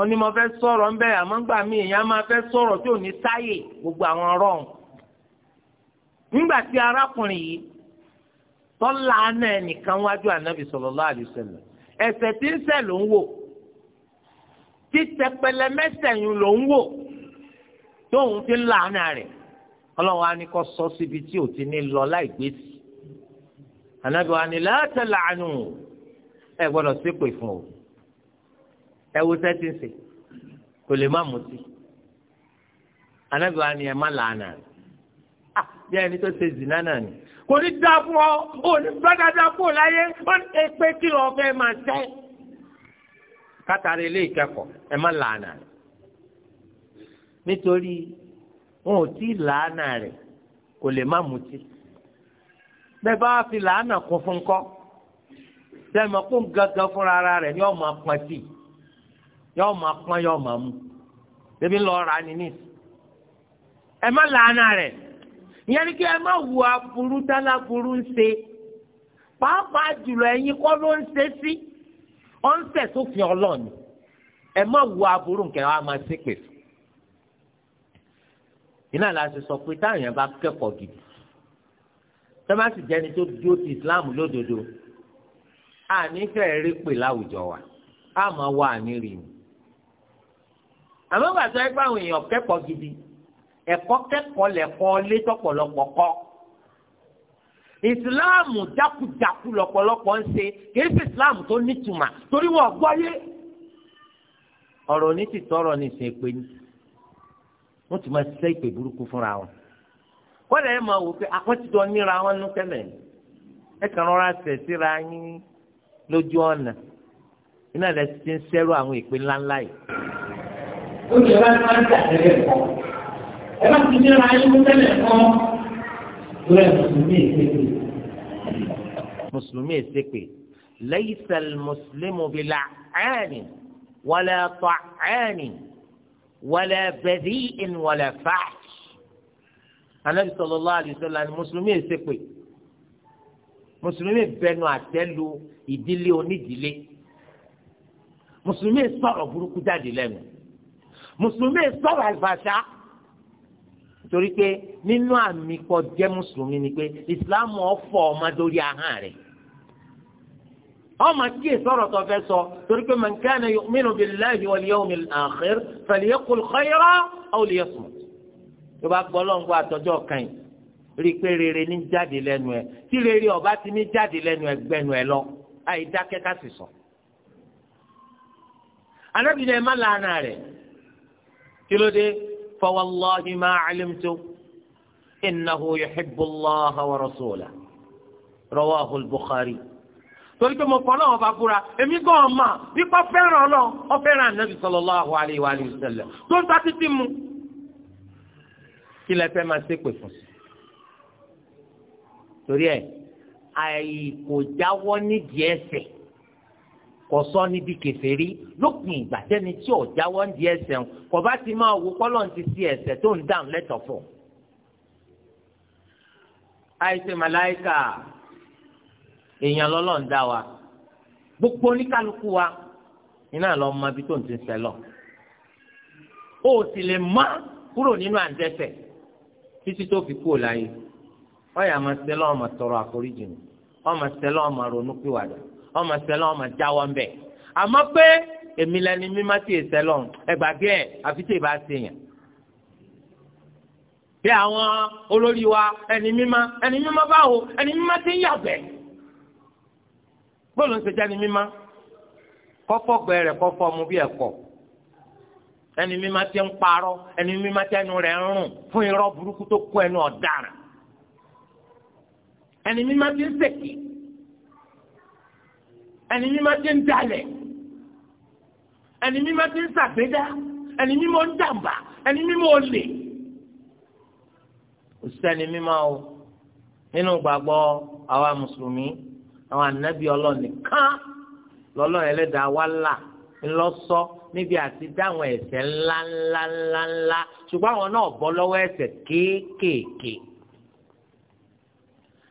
wọ́n ní mo fẹ́ sọ̀rọ̀ ń bẹ̀ àmọ́ ńgbà mí èèyàn máa fẹ́ sọ̀rọ̀ tí ò ní sáyè gbogbo àwọn ọ̀rọ̀ ọ̀hún. nígbà tí arákùnrin yìí tọ́lá náà nìkan wájú ànábì sallallahu alaihi wasallam ẹ̀ṣẹ̀ tí ń ṣẹ̀ ló ń wò títẹ pẹlẹmẹsẹ̀yìn ló ń wò tóun ti ń làánà rẹ̀ ọlọ́wọ́ á ní kó sọ síbi tí ò ti ní lọ láì gbé sí ànábì wa ni la tal'anu ẹ gbọ́dọ̀ ṣépè fún o ẹ wo sẹ́tìǹsì kò lè má mutí anábìá ni ẹ má làánà ah bí ẹni tó ṣe zì náà ni kò ní dá fún ọ ò ní gbọ́dọ̀ dá fún ọ láyé ó ní pé kí lọ fẹ́ máa tẹ́ kátàrí ilé ìkẹ́kọ̀ọ́ ẹ má làánà nítorí wọn ò tí làánà rẹ̀ kò lè má mutí bẹ́ẹ̀ bá fi làánà kún fún kọ́ sẹ́mi ọkùnrin gangan fúnra rẹ̀ ni ọ̀ máa pọ́n sí i yọọ máa pọ́n yọọ máa mú bébí ń lọ ra ni ní ẹ má làánà rẹ̀ ìyẹn ni kí ẹ má wo aburú dáná burú ń ṣe pàápàá jùlọ ẹ̀yin kọ́ ló ń ṣe sí ọ́n ń tẹ̀ sófin ọlọ́ọ̀ni ẹ má wo aburú nǹkan wa máa ṣe pè fún. iná la ṣe sọ pé táwọn yẹn bá kẹ́kọ̀ọ́ gidi tẹ́másì jẹ́ni tó dúró ti Islam lódodo àní fẹ́ẹ́ pè láwùjọ wa àmọ́ wa àní rìn àmọ́ bàtà ẹgbẹ́ àwọn èèyàn kẹ́kọ̀ọ́ gidi ẹ̀kọ́ kẹ́kọ̀ọ́ lẹ̀kọ́ lé tọ̀pọ̀lọpọ̀ kọ́ ìsìláàmù jákujàku lọ̀pọ̀lọpọ̀ ń ṣe kì í ṣe ìsìláàmù tó nítumà torí wọn gbọ́yé ọ̀rọ̀ ní ti tọrọ ní ìsìn èpè ni wọ́n ti máa ṣiṣẹ́ ìpè burúkú fúnra wọn kọ́dà ẹ̀ máa wò pé àkọ́tìtọ́ níra wọn nú tẹ́lẹ̀ ẹ kàn rọra ṣẹ̀ síra yín lójú ọ̀nà iná rẹ̀ ti ń ṣẹ́rù àwọn ìpè ńláńlá yìí ó ní ẹ̀rọ máa ń tàtẹ́lẹ̀ kọ́ ẹ bá ti ní ayé mú tẹ́lẹ̀ kọ́ lórí mùsùlùmí èsèpè. mùsùlùmí èsèpè laysa al-muslimu bil'ani wala ta'ani wala badhi'in wala fahsh. anabi sallallahu alaihi wasallam ni mùsùlùmí èsèpè mùsùlùmí bẹnu àtẹ́lu ìdílé onídìílé mùsùlùmí sọ̀rọ̀ burúkú jáde lẹ́nu mùsùlùmí sọ̀rọ̀ àlùfàṣà torí pé nínú àmì kọ jẹ́ mùsùlùmí ni pé ìsìláàmù ọ̀fọ̀ ọmọ lórí ahọ́n rẹ̀ ọmọ kí sọ̀rọ̀ tó fẹ́ sọ torí pé man kana yu'minu billahi wal yawmil akhir falyaqul khayra aw liyasmut tó bá gbọ́ lọ́ngbọ́ àtọ́jọ́ kan yìí rí i pé rere ní jáde lẹ́nu ẹ̀ tí rere ọba ti ní jáde lẹ́nu ẹ̀ gbẹ́nu ẹ̀ lọ àyè dákẹ́ sì sọ. anábìyẹn má lànà rẹ̀ kí ló dé fa wallahi ma alimtu innahu yuhibbu allaha wa rasulahu rawahu al torí pé mo kọ́ náà ọba búra èmi gan ọmọ nípa fẹ́ràn ọlọ́ ọfẹ́ràn anabi sallallahu alayhi wa sallam tó ń ta títí mu kí fẹ́ máa ṣépè fún sí. torí ẹ àìkò jáwọ́ nídìí ẹsẹ̀ kò sọ níbi kèfèrí lópin ìgbà tẹ́ni tí ò jáwọ́ ń di ẹ̀ṣẹ̀ ń kò bá ti máa wo kọ́lọ́n ti sí ẹ̀ṣẹ̀ tó ń dáhùn lẹ́tọ̀ọ́ fún. àìsè màláìkà èèyàn lọ́lọ́run dá wa gbogbo oníkálukú wa iná lọ mọ ibi tó ń ti sẹ́lọ̀ o sì lè mọ́ kúrò nínú àǹtẹ̀sẹ̀ títí tó fi kúrò láyé ọ̀yà máa sẹ́lọ̀ ọmọ tọrọ àforíjì ọmọ sẹ́lọ̀ ọmọ ronú pìwàdà ọmọ sẹlọ ọmọ jáwọ ń bẹ àmọ́ pé èmi lẹni mímá tí ì sẹlọ ẹgbàgbé ẹ àfi tí ì bá ṣe yàn bí àwọn olórí wa ẹni mímá ẹni mímá báwo ẹni mímá ti ń yàgbẹ́ bóòlù ń sèjá ẹni mímá kọfọ gbẹrẹ kọfọ mu bí ẹkọ ẹni mímá ti ń parọ́ ẹni mímá ti ẹnu rẹ̀ ń rùn fún irọ́ burúkú tó kó ẹnu ọ̀daràn ẹni mímá ti ń ṣèké ẹni mímọ́ ti ń dalẹ̀ ẹni mímọ́ ti ń ṣàgbéga ẹni mímọ́ ń jàǹbá ẹni mímọ́ olè òsìsẹ́ni mímọ́ o nínú gbàgbọ́ àwa mùsùlùmí àwọn ànábì ọlọ́ọ̀ nìkan lọ́lọ́ọ̀ ẹlẹ́dàá wa là ńlọ́sọ́ níbi àti dáwọn ẹ̀ṣẹ̀ ńláńláńláńlá ṣùgbọ́n àwọn náà bọ́ lọ́wọ́ ẹ̀ṣẹ̀ kéékèèké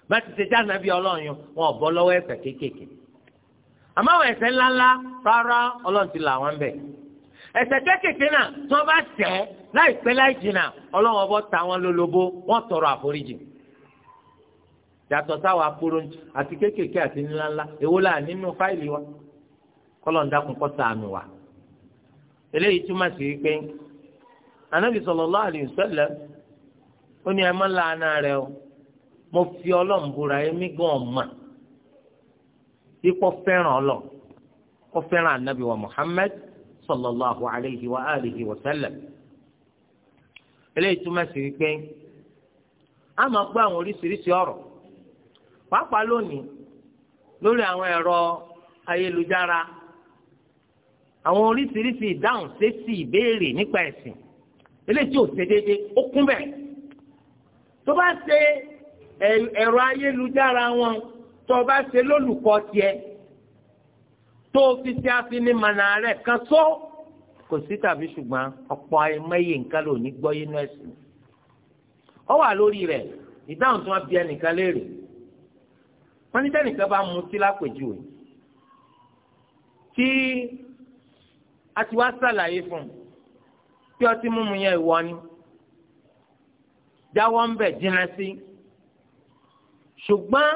bá ti ṣe jáde náà bí ọlọ́run wọn ò bọ́ lọ́wọ́ ẹ̀ṣẹ̀ kéékèèké àmọ́ àwọn ẹ̀ṣẹ̀ ńláńlá rárá ọlọ́run ti là wọ́n bẹ̀ ẹ̀ṣẹ̀ kéékèèké náà tí wọ́n bá ṣẹ̀ láìpẹ́ láì jìnnà ọlọ́run ọbọ̀ ta wọn lólobó wọ́n tọrọ àforíjì yàtọ̀ sáwọn akpọ̀rọ̀ǹtì àti kéékèèké àti ńláńlá èwo la nínú fáìlì wa kọ́lọ̀ ń dákun wa eléyìí túmọ̀ sí pé anabi ó ní ẹ má rẹ o mo fi ọlọ́run gan ipò fẹ́ràn ọlọ kó fẹ́ràn anabi wa muhammed sallallahu alayhi wa alihi wa sallam eléyìí túmọ̀ sí wípé a máa gbọ́ àwọn oríṣiríṣi ọ̀rọ̀ pàápàá lónìí lórí àwọn ẹ̀rọ ayélujára àwọn oríṣiríṣi ìdáhùn ṣèṣì ìbéèrè nípa ẹ̀sìn eléyìí tí ò ṣe déédéé ó kún bẹ́ẹ̀ tó bá ṣe ẹ̀rọ ayélujára wọn tó o bá ṣe lólùkọ́ tiẹ̀ tó o fi ṣe afinimọ̀nà rẹ̀ kan só kò sí tàbí ṣùgbọ́n ọ̀pọ̀ ẹ̀mẹ́yẹ nǹkan ló ní gbọ́ yínú ẹ̀sìn ọ wà lórí rẹ̀ ìdáhùn tí wọ́n bi ẹnìkan léèrè wọ́n ní tẹ́nìkan bá mutí lápèjúwe tí a ti wá sàlàyé fún un tí ọtí mímu yẹn ìwọ ni jáwọ́ ń bẹ̀ jìnnà sí ṣùgbọ́n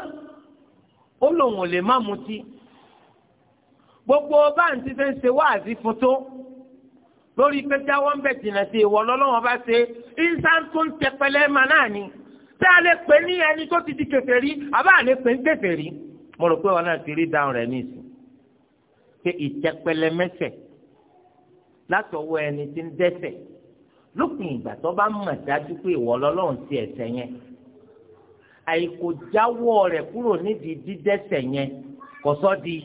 ó lòun ò lè má mutí gbogbo báńtí fẹ́ ṣe wáàzí fún tó lórí pé jáwọ́ ń bẹ̀ jìnnà sí ìwọ lọ́lọ́wọ́ bá ṣe ìsàn tó ń tẹpẹlẹ mà náà ni tẹ́ a lè pè ní ẹni tó ti di kèfèrí àbá a lè pè ní kèfèrí mo rò pé wọn náà ti rí dáhùn rẹ̀ nísìn pé ìtẹpẹlẹ mẹsẹ̀ látọwọ́ ẹni tí ń dẹ́ṣẹ̀ lópin ìgbà tó bá mọ̀ dájú pé ìwọ lọ́lọ́run ti ẹ̀ṣẹ̀ yẹn àìkò jáwọ́ rẹ̀ kúrò nídìí dídẹ́ṣẹ̀ yẹn kò di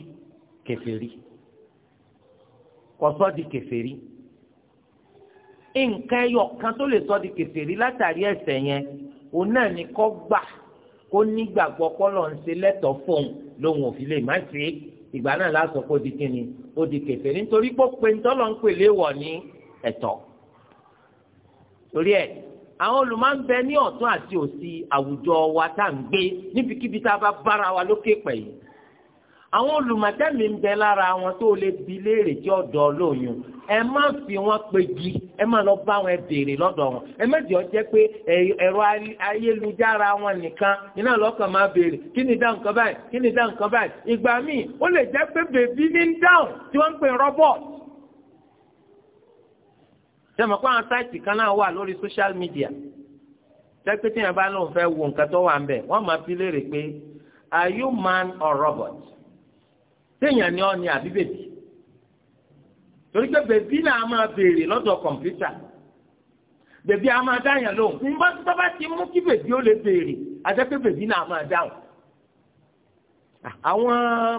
kèfèrí kò sọ di kèfèrí nǹkan ẹyọ kan tó lè sọ di kèfèrí látàrí ẹ̀ṣẹ̀ yẹn òun náà ni kó gbà kó nígbàgbọ́ kọ́lọ̀ ń ṣe lẹ́tọ̀ọ́ fóun lòun ò fi lè má ṣe ìgbà náà lásán kó di kíni ó di kèfèrí nítorí pé pé ńtọ́lọ́ ń pè léwọ̀ ní ẹ̀tọ́ torí ẹ̀ àwọn olùmọ̀ ń bẹ ní ọ̀tún àti òsì àwùjọ wa tá à ń gbé níbikíbi tá a bá bára wa lókè pẹ̀ yìí àwọn olùmọ̀tẹ́mi ń bẹ lára wọn tó lè bi léèrè tí ọ̀dọ́ lóyún ẹ má fi wọn pegi ẹ má lọ bá wọn béèrè lọ́dọ̀ wọn ẹ mẹ́jọ jẹ́ pé ẹ̀rọ ayélujára wọn nìkan iná lọ́kàn máa béèrè kí ni dáhùn kan báyìí kí ni dáhùn kan báyìí ìgbà míì ó lè jẹ́ pé bèbí ní dáhùn tí wọ́n ń pè rọ́bọ̀tì sẹ́mi kó àwọn sáìtì kan náà wà lórí social media tẹ́pẹ́tẹ́ yẹn bá lóun fẹ́ wo nǹkan tó wà ń bẹ̀ wọ́n máa fi léèrè pé are you man or robot téèyàn ni ọ́ ni àbí bèbí torí pé bèbí náà máa béèrè lọ́dọ̀ kọ̀ǹpútà bèbí a máa dáyàn lóhùn ní bá tó bá ti mú kí bèbí ó lè béèrè àtẹ́pẹ́ bèbí náà máa dáhùn àwọn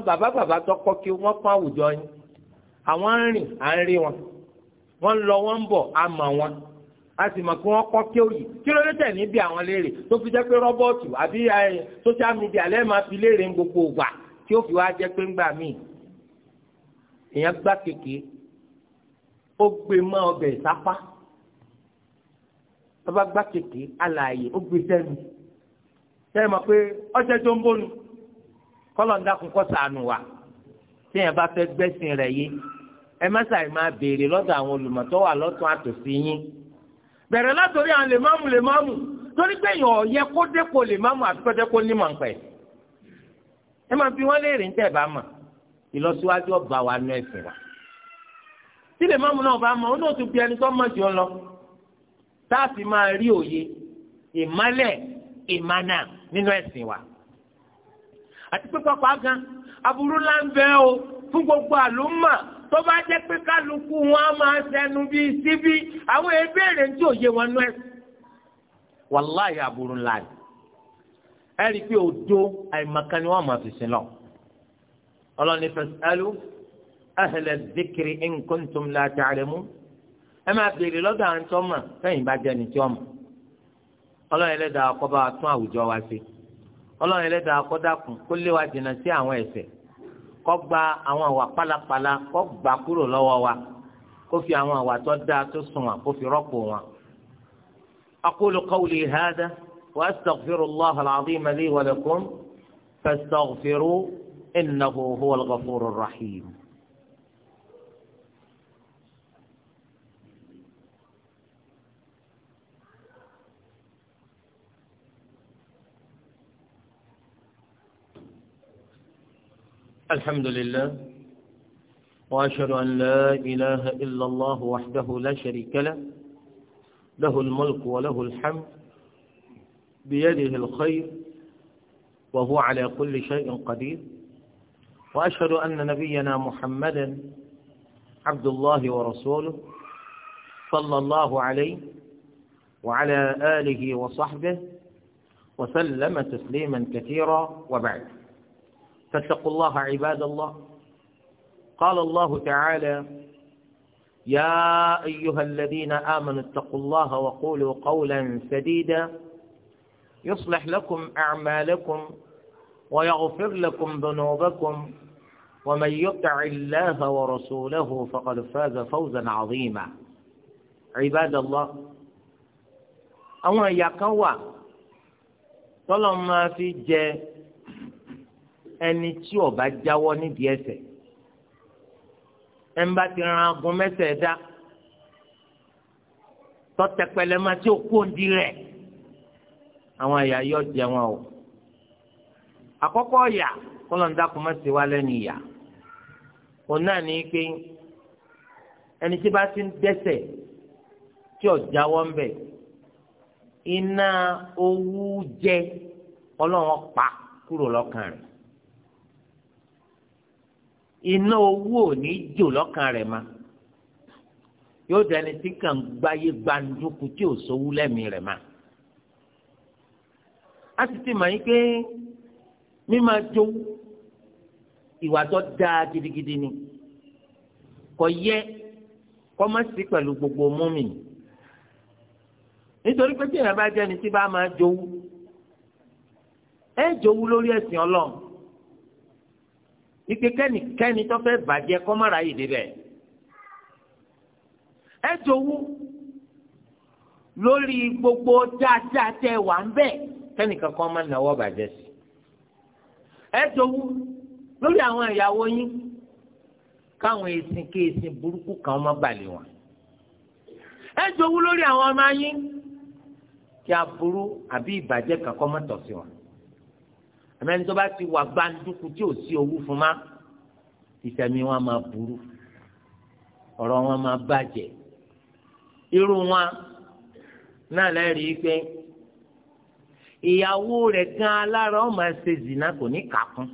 bàbá bàbá tó kọ́ kí wọ́n kọ́ àwùjọ yín àwọn ń rìn à ń wọn wọ́n lọ wọ́n ń bọ̀ a mọ̀ wọn a sì mọ̀ pé wọ́n kọ́ kéwì kí ló dé tẹ̀ níbi àwọn léèrè tó fi jẹ́ pé rọ́bọ́ọ̀tù àbí social media lẹ́ẹ̀ máa fi léèrè ń gbogbo ògbà tí ó fi wá jẹ́ pé ń gbà míì èèyàn gbá kéke ó gbé mọ́ ọbẹ̀ ìsápá bàbá gbá kéke alààyè ó gbé sẹ́nu sẹ́yìn mọ̀ pé ọjọ́ tó ń bónu kọ́lọ̀ ń dákun kọ́ sànù wa tí èèyàn bá fẹ́ gbẹ́sìn rẹ̀ yé ẹ má ṣàì máa béèrè lọ́dọ̀ àwọn olùmọ̀tọ́ wà lọ́tún àtòsí yín bẹ̀rẹ̀ látòrí àwọn lèmọ́mù lèmọ́mù torí pé èèyàn ọ̀yẹ kó dépò lèmọ́mù àti kó dépò ní mọ̀ǹpẹ̀ ẹ máa fi wọ́n léèrè ń tẹ̀ mà ìlọsíwájú ọba wa nú ẹ̀sìn wa tí lèmọ́mù náà bá mọ̀ ó náà tún fi ẹni tó mọ̀ jù ọ lọ tá a fi máa rí òye ìmọ́lẹ̀ ìmánà nínú ẹ̀sìn wa àti pé pàpà gan aburú ńlá ń bẹ o fún gbogbo àlùmọ́ tó bá jẹ́ pé kálukú wọn á máa sẹnu bíi síbí àwọn ìbéèrè tí ò yé wọn nú ẹ̀. wàláhì aburú ńlá ni ẹ rí i pé òdo àìmọ̀kan ni máa fi sin lọ. ọlọ́ni fasalu ahla dhikri in kuntum la ta'lamun ẹ máa béèrè lọ́dọ̀ àwọn tí wọ́n mọ̀ fẹ́yìn bá jẹ́ ni tí wọ́n mọ̀. ọlọ́run ẹlẹ́dàá kó bá tún àwùjọ wa ṣe ọlọ́run ẹlẹ́dàá kó dákun kó lé wa jìnnà sí àwọn ẹ̀ṣẹ̀ kó gba àwọn àwà pálapàla kó gbà kúrò lọ́wọ́ wa kó fi àwọn àwà tó dáa tó sùn wọn kó fi rọ́pò wọn. أقول قولي هذا وأستغفر الله العظيم لي ولكم فاستغفروا إنه هو الغفور الرحيم الحمد لله وأشهد أن لا إله إلا الله وحده لا شريك له له الملك وله الحمد بيده الخير وهو على كل شيء قدير وأشهد أن نبينا محمدا عبد الله ورسوله صلى الله عليه وعلى آله وصحبه وسلم تسليما كثيرا وبعد فاتقوا الله عباد الله قال الله تعالى يا أيها الذين آمنوا اتقوا الله وقولوا قولا سديدا يصلح لكم أعمالكم ويغفر لكم ذنوبكم ومن يطع الله ورسوله فقد فاز فوزا عظيما عباد الله àwọn يا قوة wà في máa ẹni tí ó bá jáwọ́ nídìí ẹ̀ṣẹ̀ ẹn bá ti ran agun mẹsẹ dá tọtẹpẹlẹ máa tí ó kó ndi rẹ àwọn ẹ̀yà yọ jẹ wọn o àkọ́kọ́ yà kọlọńdàkùn mẹsẹ wa lẹnu yà òun náà ní pé ẹni tí bá ti ń dẹ́ṣẹ̀ tí ó jáwọ́ ń iná owú jẹ ọlọ́run pa kúrò lọ́kàn rẹ̀ iná owó ò ní jò lọ́kàn rẹ̀ ma yóò dẹni tí kàn gbáyé gbanduku tí ò sówú lẹ́mìí rẹ̀ ma a sì ti mọ̀ yín pé mímá jó ìwà tó dáa gidigidi ni kò yẹ kó má sí pẹ̀lú gbogbo mọ́mì nítorí pé tí èèyàn bá jẹ́ni tí bá máa jowú ẹ jowú lórí ẹ̀sìn ọlọ́run ike kẹ́nikẹ́ni tó fẹ́ bàjẹ́ kọ́mọ́ra yìí débẹ̀ ẹ jowú lórí gbogbo dáadáa tẹ wà ń bẹ̀ kẹ́nìkan kan máa náwó bàjẹ́ sí ẹ jowú lórí àwọn ìyàwó yín káwọn èsìn kí èsìn burúkú kan má balẹ̀ wọn ẹ jowú lórí àwọn ọmọ yín kí aburú àbí ìbàjẹ́ kankan má tọ̀ sí wọn àmọ́ ẹni tó bá ti wà gbàǹdùkú tí ò sí owó fún ma ìsẹ̀mí wọn máa burú ọ̀rọ̀ wọn máa bàjẹ́ irú wọn náà lẹ́rìí pé ìyàwó rẹ̀ gan alára ọ̀ máa ṣe zìnnà kò ní kàkún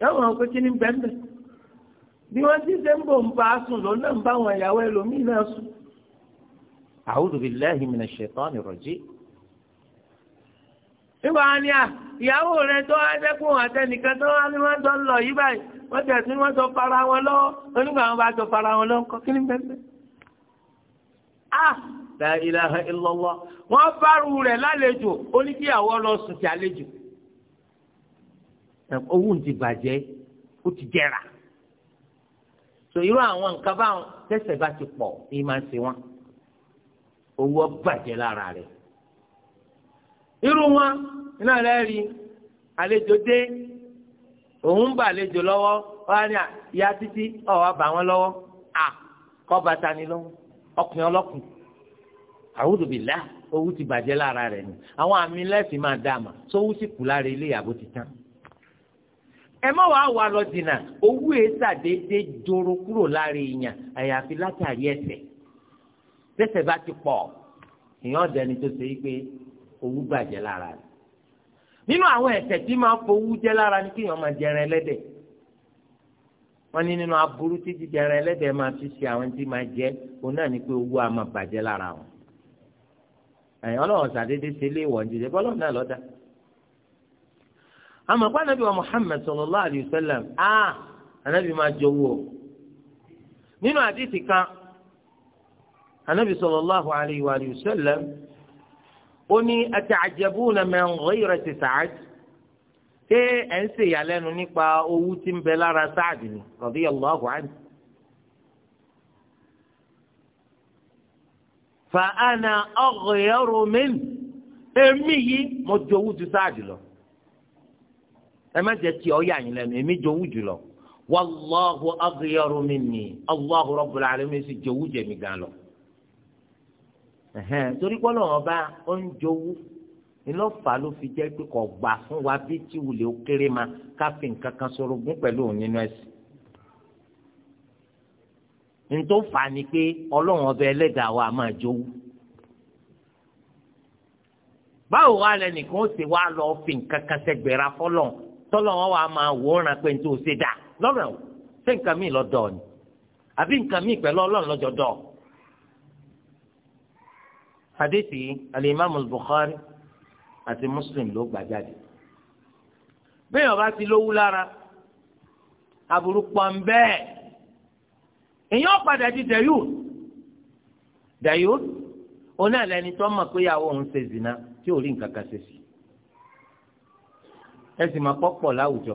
yàwó àwọn pé kí ni bẹ́ẹ̀ bẹ́ẹ̀ bí wọ́n ti ṣe ń bò ń bá a sùn lọ náà ń bá àwọn ìyàwó ẹlòmíì náà sùn. A'udhu billahi minash shaitani rajim nígbà wọn ni à ìyàwó rẹ tó wá àtẹnìkan tó wá ní wọ́n jọ lọ yí báyìí wọ́n tẹ̀ sí wọ́n fara wọn lọ́wọ́ onígbà wọn bá wọn lọ́wọ́ kí ni bẹ́ẹ̀ ah la ilaha illallah wọ́n rẹ̀ lálejò ó lọ sùn sí àlejò. owó ń ti bàjẹ́ so irú àwọn nǹkan báwọn bá ti pọ̀ irú wọn iná rẹ̀ rí àlejò dé òun ń àlejò lọ́wọ́ wọ́n á ní ìyá títí ọ̀wá bà wọ́n lọ́wọ́ à kọ́ bàtà ni lọ́wọ́ ọkùnrin ọlọ́kùnrin àwùjọ bìlá owó ti bàjẹ́ lára rẹ̀ ni àwọn àmì lẹ́sìn máa dá àmà sówó sì kù lára ilé ìyàwó ti tán ẹ má wàá wà lọ dìnnà owó èsà déédé joro kúrò lára èèyàn àyàfi látàrí ẹ̀ṣẹ̀ tẹ̀ṣẹ̀ bá ti pọ̀ èèyàn dẹni tó ṣe pé owú bàjẹ́ lára rẹ̀ nínú àwọn ẹ̀ṣẹ̀ tí máa fowú jẹ́ lára ni kéèyàn máa jẹran ẹlẹ́dẹ̀ wọ́n ní nínú aburú tí jíjẹran ẹlẹ́dẹ̀ máa fi ṣe àwọn tí máa jẹ́ òun náà ni pé owú á máa bàjẹ́ lára wọn ẹ̀yìn ọlọ́run ṣàdédé ṣe lé ìwọ̀n jíjẹ bọ́lọ́ náà lọ́dà àmọ́ pé anabi wa Muhammad sallallahu alayhi wa sallam ah anabi máa jowó nínú àdìsí kan anabi sallallahu alayhi wa ó ní ata'ajabuna min ghayrati Sa'd ṣé ẹ̀ ń ṣe ìyàlẹ́nu nípa owó tí ń bẹ lára Sa'd ni radiyallahu anhu. fa ana aghyaru min èmi yìí mo jowú ju Sa'd lọ ẹ má jẹ́ tí ọ yín lẹ́nu èmi jowú jù lọ wallahu aghyaru minni Allahu rabbul alamin sì jowú jẹ̀mí gan lọ. torí pọ́lọ́ ọba ó ń jowú ló fi jẹ́ pé kò gbà fún wa bí tí ma ká fi nǹkan kan sorogún pẹ̀lú òun nínú ẹ̀sìn. ntó fà ni pé ọlọ́run ọba ẹlẹ́dàá wa máa jowú. báwo wá lẹnìkan ó sì wá lọ fi nǹkan kan sẹ́gbẹ̀ra fọ́lọ́n tọ́lọ́ wọn wá máa wòran pé ntó ṣe dà lọ́rọ̀ ṣé nǹkan míì lọ́dọ̀ ni àbí nǹkan míì pẹ̀lú ọlọ́run lọ́jọ́ dọ̀ọ́ hadithi alimami bukhari àti muslim ló gbà jáde bẹ́ẹ̀ ọba ti lówó lára aburú pọ́n bẹ́ẹ̀ èèyàn padà di dayud dayud oní àlẹni tó mọ̀ pé ìyàwó òun ṣe zina tí ò rí nǹkan kan ṣe sí ẹ sì máa pọ́pọ̀ láwùjọ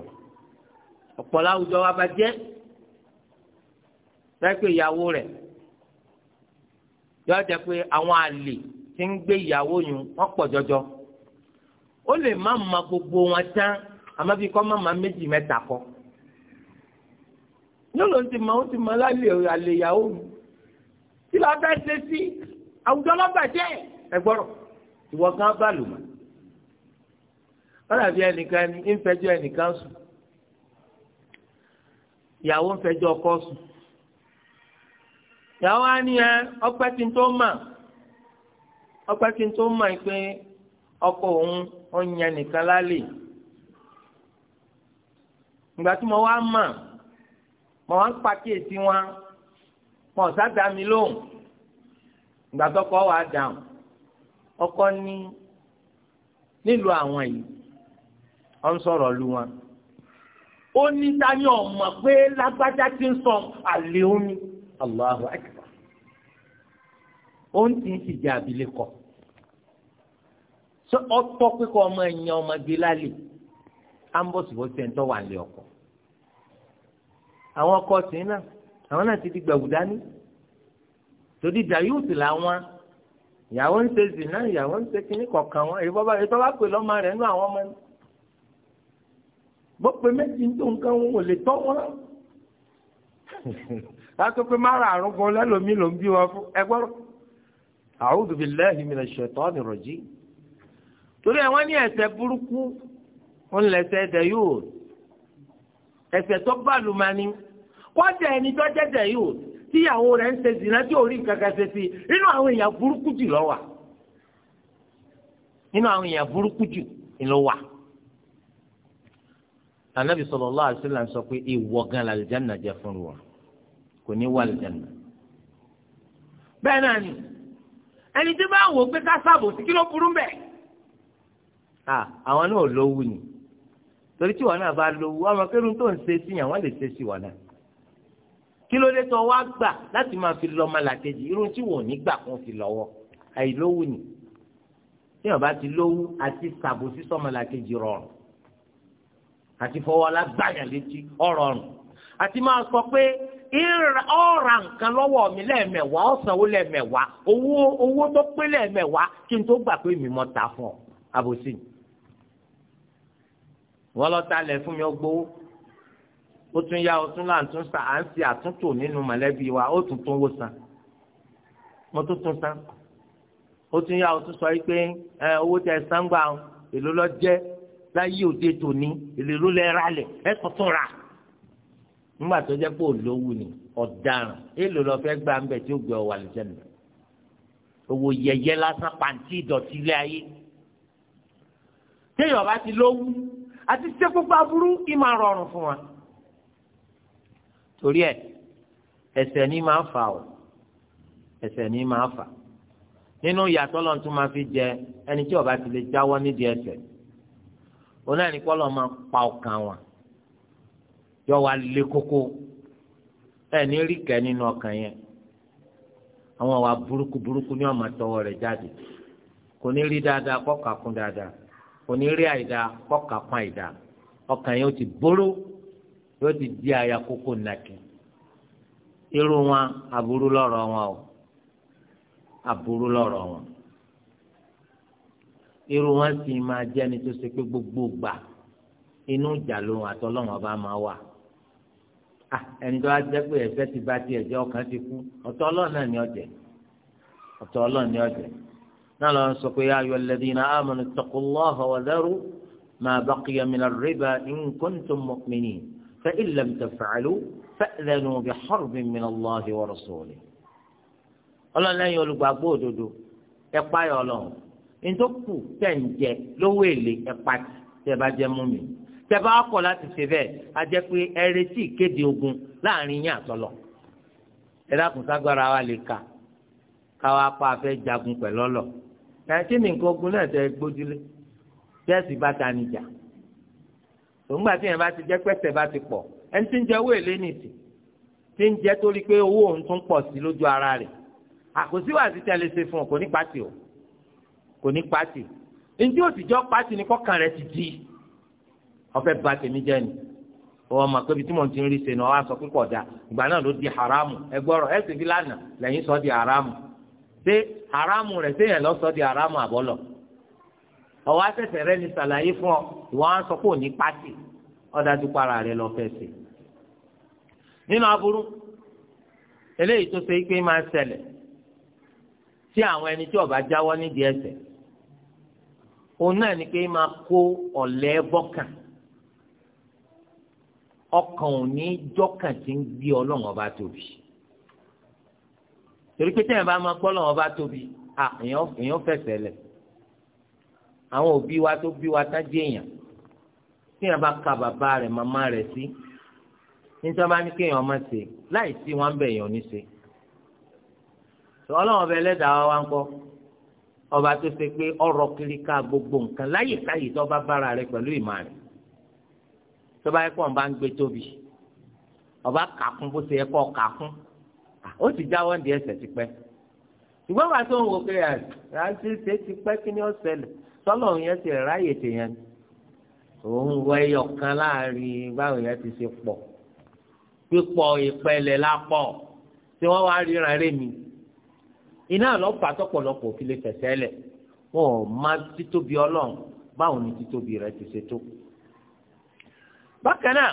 ọ̀pọ̀ láwùjọ wa bá jẹ́ pẹ́ pé ìyàwó rẹ̀ yóò jẹ́ pé àwọn àlè tí ń gbé ìyàwó yun wọ́n pọ̀ jọjọ ó lè má ma gbogbo wọn tán àmọ́ bí kọ́ má ma méjì mẹ́ta kọ́ yóò ló ń ti ma ó ti ma lálẹ́ àlè ìyàwó mi tí la bá ṣe sí àwùjọ lọ́bàjẹ́ ẹ ìwọ kan bá lù mọ́ wọ́n ẹnìkan ní ń fẹjọ́ ẹnìkan sùn ìyàwó ń fẹjọ́ ọkọ sùn yàwó á ní ẹ ọpẹ́ tí n tó mà ọpẹ́ tí n tó mà pé ọkọ òun ọ̀yàn nìkan lálẹ́ ìgbà tí mo wá mà mo wá ń pàkíyèsí wọn mo ọ̀sá dá mi lóhùn ìgbà tó kọ́ wàá dáhùn ọkọ ní nílùú àwọn yìí ọ ń sọ̀rọ̀ lu wọn ó ní ta ni pé lágbájá ti ń sọ àlè ó ní. Allahu akbar ó ń tì í sì jẹ́ abilékọ ṣé ọtọ́ pípọ̀ ọmọ ẹ̀yìn ọmọge lálẹ́ á ń bọ̀ síbọ̀ sí ẹ̀ńtọ́ wà lé ọkọ̀ àwọn ọkọ̀ sí náà àwọn náà ti di gbẹ̀wù dání torí dayúùtì làwọn ìyàwó ń ṣe zìnnà ìyàwó ń ṣe kínní kọ̀ọ̀kan wọn èyí bọ́bá èyí tó pè lọ́mọ rẹ̀ nínú àwọn ọmọ náà méjì ń tó nǹkan wọn ò lè tọ́ wọn *laughs* látó pé márààrún gan lẹ́lòmí ló ń bí wọn fún ẹgbọ́rọ̀ a'udhu billahi minash shaitani torí ẹ̀ wọ́n ní ẹ̀ṣẹ̀ burúkú ń lẹ̀ṣẹ̀ dẹ̀ yóò ẹ̀ṣẹ̀ tó bá lùmọ́ni wọ́n jẹ́ ẹni tó jẹ́jẹ́ yóò tíyàwó rẹ̀ ń ṣe zìnà tí orí kankan ṣe sí inú àwọn èèyàn wà kò ní wà lìjànà. bẹ́ẹ̀ náà ni ẹni tí bá ń wò pé ká sábò sí kí ló burú mbẹ́. àwọn náà lówó ni torí tí wọn náà bá lówó àwọn akérò tó ń ṣe sí yàn wọn lè ṣe sí wọn náà kí ló dé tó wá gbà láti máa fi lọ ọmọlàkejì irun tí wọn ò ní gbà kó fi lọ́wọ́ àìlówó ni tí wọn bá ti lówó àti sàbòsí sọmọlàkejì rọrùn àti fọwọ́ alágbáyà létí ọ̀rọ̀rùn àti máa sọ pé ọ̀ra nǹkan lọ́wọ́ mi lẹ́ẹ̀mẹ̀wá ọ̀sánwó lẹ́ẹ̀mẹ̀wá owó owó tó pé lẹ́ẹ̀mẹ̀wá kí n tó gbà pé mi mọ̀ ta fún ọ àbòsí. wọ́n lọ talẹ̀ fún mi ọgbówó ó tún yá ó tún là ń tún sa à ń ṣe àtúntò nínú mọ̀lẹ́bí wa ó tún tún wó san mo tún tún san ó tún yá ó sọ pé owó tẹ sangbà èlò lọ jẹ láyé òde tòní èlò lọ ẹ ralẹ̀ ẹ tuntun rà nígbà tó jẹ́ pé olówó ni ọ̀daràn èèlò lọ fẹ́ gbà ńbẹ tí ó gbé ọwọ́ àlùjẹ́nu owó yẹyẹ lásán pàǹtí ìdọ̀tí ilé ayé téèyàn bá ti lówó àti sẹ́kópa burú ìmọ̀ rọrùn fún wa torí ẹ ẹsẹ̀ ní máa fà ọ́ ẹsẹ̀ ní máa fà nínú ìyàtọ̀ lọ́n tún máa fi jẹ ẹni tí ó bá ti lè jáwọ́ nídìí ẹsẹ̀ onáà ní kọ́ lọ́ọ́ máa pa ọkàn wọn yọ wá lé kókó ẹ ní rí kẹ nínú ọkàn yẹn àwọn wa burúkú burúkú ní ọmọ tọwọ́ rẹ̀ jáde kò ní rí dáadáa kọkà kún dáadáa kò ní rí àìdá kọkà kún àìdá ọkàn yẹn ó ti bóró yóò ti di àyà kókó nàkì irú wọn aburú lọ́rọ̀ wọn o aburú lọ́rọ̀ wọn irú wọn sì máa jẹ ẹni tó ṣe pé gbogbo gbà inú ìjà lóhun àtọlọ́wọ́n bá máa wà. Ah, ẹni tó wá jẹ́ pé ẹ̀fẹ́ ti bá tiẹ̀ jẹ́ ọkàn ti kú ọ̀tọ̀ ọlọ́run náà ni ọ̀jẹ̀ ọ̀tọ̀ ọlọ́run ni ọ̀jẹ̀ náà lọ́n sọ pé ayọ̀ alladhina amanu ittaqullaha wa dharu ma baqiya mina riba in kuntum mu'minin fa in lam taf'alu fa'dhanu bi harbin min Allahi wa rasulihi ọlọ́run lẹ́yìn olùgbàgbọ́ òdodo ẹ páyọ̀ ọlọ́run ní tẹ̀ ń jẹ lówó èlé ẹ pàtì bá jẹ́ mú mi tẹ́fà kọ̀ láti ṣe bẹ́ẹ̀ a jẹ́ pé ẹ retí ìkéde ogun láàrin yín àtọ́lọ̀ ẹ dákun ságbára wa lè kà káwa pa afẹ́ jagun pẹ̀lú ọlọ̀ ẹ kí ni nǹkan ogun náà tẹ gbójúlé tẹ́sì bá ta níjà tòǹgbà tí yẹn bá ti jẹ́ pẹ́sẹ̀ bá ti pọ̀ ẹni tí ń jẹ owó èlé nìsí tí ń jẹ torí pé owó òun tún pọ̀ sí lójú ara rẹ̀ àkòsí wà sí tẹ́lẹ̀ ṣe fún ọ kò ní pàtì o kò ní pàtì njẹ́ òtijọ́ pàtì ni kọ́kàn rẹ̀ ti di ọfẹ ba tèmi jẹ ni wọn mọ pé ibi tí mo ti ń rí sèǹ ọwọ aṣọ kíkọ dà ìgbà náà ló di haramu ẹgbọrọ ẹsẹ bí lana lẹ́yìn sọ di haramu ṣé haramu rẹ séèyàn lọ sọ di haramu àbọlọ ọwọ asẹsẹ rẹ ni sàlàyé fún ọ ìwọ wọn sọ pé òní pàṣẹ ọdájú para rẹ lọ fẹẹ ṣe nínú aburú eléyìí tó ṣe é pé máa ṣẹlẹ̀ tí àwọn ẹni tí ọba jáwọ́ nídìí ẹsẹ̀ òun náà ni pé máa kó ọ̀lẹ́ bọ́kàn ọkàn ò ní jọ́kàn tí ń gbé ọlọ́run ọba tóbi torí pé tẹ́yìn bá máa gbọ́ ọlọ́run ọba tóbi èèyàn fẹsẹ̀ lẹ̀ àwọn òbí wa tó bí wa tá jẹ́ èèyàn téèyàn bá ka bàbá rẹ̀ màmá rẹ̀ sí níta bá ní kéèyàn má ṣe láì sí wọn bẹ̀ èèyàn ní ṣe ọlọ́run ọba ẹlẹ́dàá wa wá ń kọ́ ọba tó ṣe pé ọ̀rọ̀ kiri ká gbogbo nǹkan láyè káyè tó bá bára rẹ̀ pẹ̀lú ìmọ̀ rẹ̀ tó bá yẹ kó ọba ń gbé tóbi ọba kàkún bó ṣe yẹ kó kàkún ó sì jáwọ́ ní ẹsẹ̀ tipẹ́ ṣùgbọ́n bá tó ń wò pé àti ṣe tipẹ́ kí ni ó ṣẹlẹ̀ sọ́lọ̀ yẹn ti ráyè tèèyàn òun wọ ẹyọ kan láàrin báwo yẹn ti ṣe pọ̀ pípọ̀ ìpẹ́lẹ̀ lápọ̀ tí wọ́n wá ríran rẹ̀ mi iná ọlọ́pàá tọ́pọ̀lọpọ̀ òfin lè fẹ̀sẹ̀ lẹ̀ wọn ò má títóbi ọlọ́run báwo ni títóbi rẹ̀ ti ṣe tó. bákan náà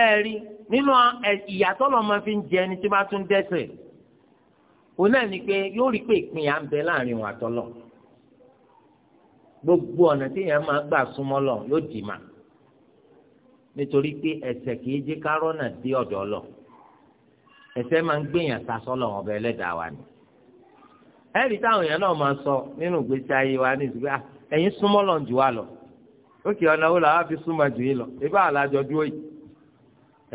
ẹ rí nínú ìyàtọ̀ lọ́ọ́ máa fi ń jẹ ẹni tí bá tún dẹ́ṣẹ̀ òun náà ni pé yóò rí pé ìpínyà ń bẹ láàrin wọn àtọ́lọ̀ gbogbo ọ̀nà tí èèyàn máa gbà súnmọ́ lọ yóò dì mà nítorí pé ẹsẹ̀ kìí jẹ́ kárọ́nà dé ọ̀dọ̀ lọ ẹ̀ṣẹ̀ máa ń gbèyàn sasọ́lọ̀ ọ̀bẹ ẹlẹ́dàá wa ni ẹ̀rí táwọn èèyàn náà máa sọ nínú ìgbésí ayé wa ní ìsìnkú ah, ẹ̀yin súnmọ́ lọ jù wá lọ. ọ ọ̀nà wo làwọn fi súnmọ́ jù yín lọ ebe ala dúró yìí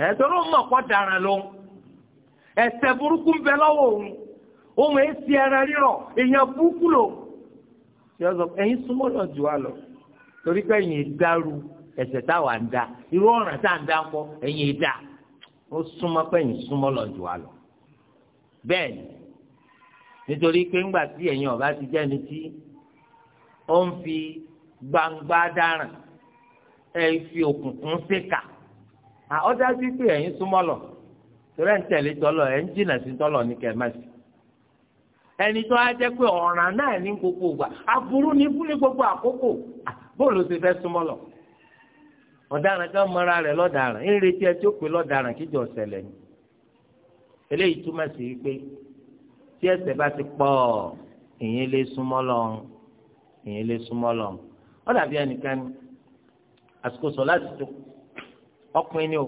ẹ̀ẹ́dọ́ ló mọ̀ kọ́ dara ló ń ẹ̀sẹ̀ burúkú ń bẹ lọ́wọ́ òun òun èsì ẹran rírọ̀ èèyàn burúkú lò ẹ̀yin súnmọ́ lọ ju lọ torí pé ẹ̀yin dàrú ẹ̀ṣẹ̀ táwa ń da irú ọ̀ràn tá à ń da ńkọ́ ẹ̀yin dà ó súnmọ́ pé ẹ̀yin súnmọ́ lọ jù lọ bẹ́ẹ̀ gbangba daran efi fi òkùnkùn síkà ọ sí pé ẹ̀yin súnmọ́ lọ torí ẹ̀ ń tẹ̀lé tọ́lọ̀ ẹ̀ sí tọ́lọ̀ ní kẹ̀mẹ́sì ẹni tó á jẹ́ pé ọ̀ràn náà ní gbogbo aburú ní fún ní gbogbo àkókò bóòlù ti lọ kan ń retí ẹ tí ó pè kíjọ ni eléyìí sí pé tí bá ó dàbí ẹnìkan ni àsìkò sọ láti tó ọkùnrin ni o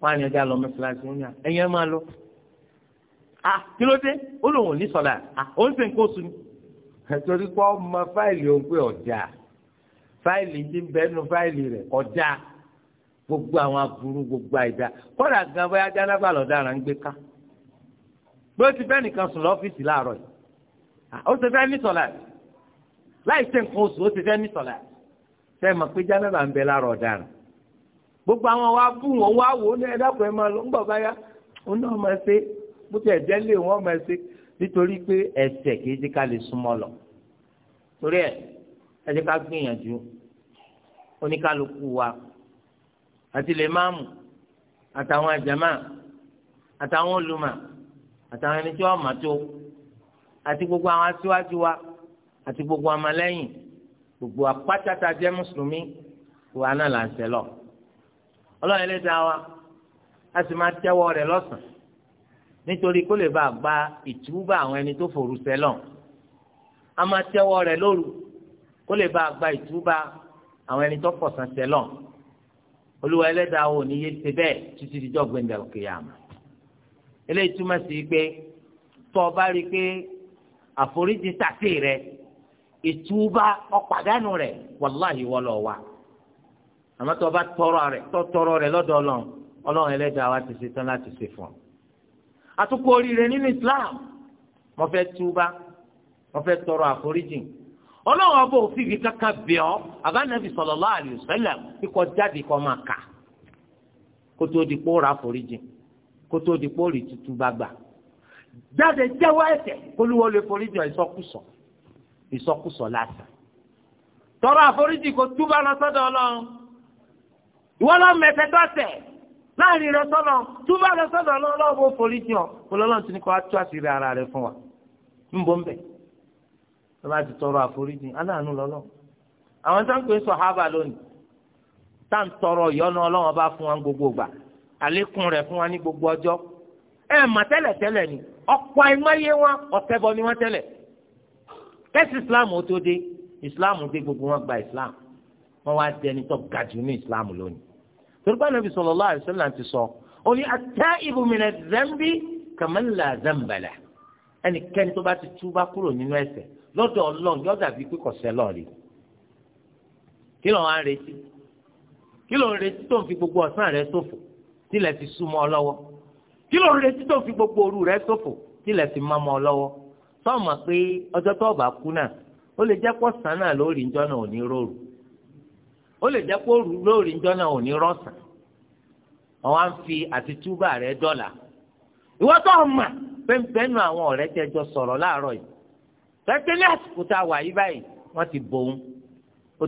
wọn àyàn dá lọ mẹsàlásì wọn ni à ẹ̀yin ẹ máa lọ à kí ló dé ó lòun ò ní sọlá à ó ń sèǹkó sùn ni. *laughs* torí pé ọmọ fáìlì òun pé ọjà fáìlì ti ń bẹ́ẹ̀ nu fáìlì rẹ̀ ọjà gbogbo àwọn aburú gbogbo àìdá kọ́dà gan bóyá jánábà lọ́daràn ń gbé ká bí ó ti fẹ́ nìkan sùn lọ́fíìsì láàárọ̀ yìí ó ti fẹ́ ní sọ̀lá yìí láì ṣe nǹkan oṣù ó ti fẹ́ ní sọ̀lá fẹ́ mọ̀ pé jánàbà ń bẹ lára ọ̀daràn gbogbo àwọn wa bù wọn wá wò ó ní ẹ̀dàpọ̀ ẹ̀ máa lọ ń bọ̀ báyà ó náà máa ṣe bó ti ẹ̀jẹ̀ lé wọn máa ṣe nítorí pé ẹsẹ̀ kìí ti ká lè súnmọ́ lọ torí ẹ̀ ẹ jẹ́ ká gbìyànjú oníkálukú wa àti lè máàmù àtàwọn àjàmá àtàwọn olùmọ̀ àtàwọn ẹni tí wọ́n mọ̀ tó àti gbogbo àwọn aṣíwájú wa àti gbogbo amalẹ́yìn gbogbo apátátá jẹ́ mùsùlùmí kò wá náà là ń sẹ́lọ̀ ọlọ́run ẹlẹ́dàá wa a sì máa tẹ́wọ́ rẹ̀ lọ́sàn-án nítorí kó lè bá a gba ìtúbà àwọn ẹni tó fòrú sẹ́lọ̀ a máa tẹ́wọ́ rẹ̀ lóru kó lè bá a gba ìtúbà àwọn ẹni tó fọ̀sán sẹ́lọ̀ olúwa ẹlẹ́dàá wo ni yé ṣe bẹ́ẹ̀ títí dijọ́ gbẹ̀ndẹ̀ òkè àmà eléyìí túmọ̀ sí pé tọ́ ọ bá rí i pé àforíjì tàtí rẹ̀ ìtúbà ọ̀pàdánù rẹ̀ wàláhì wọlọ̀ àmọ́ tọrọ rẹ̀ tó tọrọ rẹ̀ lọ́dọ̀ ọlọ́run ọlọ́run ẹlẹ́dàá wa ti ṣe tán láti ṣe fún ọ. àtúkò oríire nínú Islam mo fẹ́ túbà mo fẹ́ tọrọ àforíjì ọlọ́run ọba òfin kankan bẹ̀ ọ́ kíkọ jáde kọ́ máa kà rà àforíjì ìsọkúsọ lásán tọrọ àforíjì kò túbà lọ sọ́dọ̀ Ọlọ́run ìwọ lọ mẹsẹ tọsẹ láàrin rẹ sọ́dọ̀ túbà lọ sọ́dọ̀ Ọlọ́run bó foríjì ara rẹ fún wa ń bọ ń tọrọ àforíjì aláàánú àwọn tó ń pè lónìí tá à ń tọrọ gbogbo àlékún rẹ fún wa ní gbogbo ọjọ́ tẹ́lẹ̀ tẹ́lẹ̀ ni ọ̀pọ̀ wọn kẹ́sì islam ó tó dé islam dé gbogbo wọn gba islam wọn wá dẹni tó ga jù ní islam lónìí torí pé anabi sallallahu alaihi wasallam ti sọ ó ní at-ta'ibu min adh-dhanbi kaman la dhanba lahu ẹnikẹ́ni tó bá ti túbá kúrò nínú ẹ̀ṣẹ̀ lọ́dọ̀ Ọlọ́run yóò dàbí pé kò ṣẹ̀ lọ́ọ̀rì kí ló ń retí kí ló ń retí tó ń fi gbogbo ọ̀sán rẹ ṣòfò tílẹ̀ fi súnmọ́ ọ lọ́wọ́ kí ló ń retí tó ń fi gbogbo òru rẹ ṣòfò tílẹ̀ fi mọ́ ọ lọ́wọ́ tọ́ọ̀mọ̀ pé ọjọ́ tó bá kú náà ó lè jẹ́ pọ̀ sàn náà lórí njọ́ náà ò ní ó lè jẹ́ pọ̀ lórí náà ò ní ń fi àti túbà rẹ dọ́là ìwọ tọ́ọ̀mà pẹ́ńpẹ́nu àwọn ọ̀rẹ́ tẹjọ sọ̀rọ̀ láàárọ̀ yìí àsìkò tá a wà yí báyìí wọ́n ti bòun ó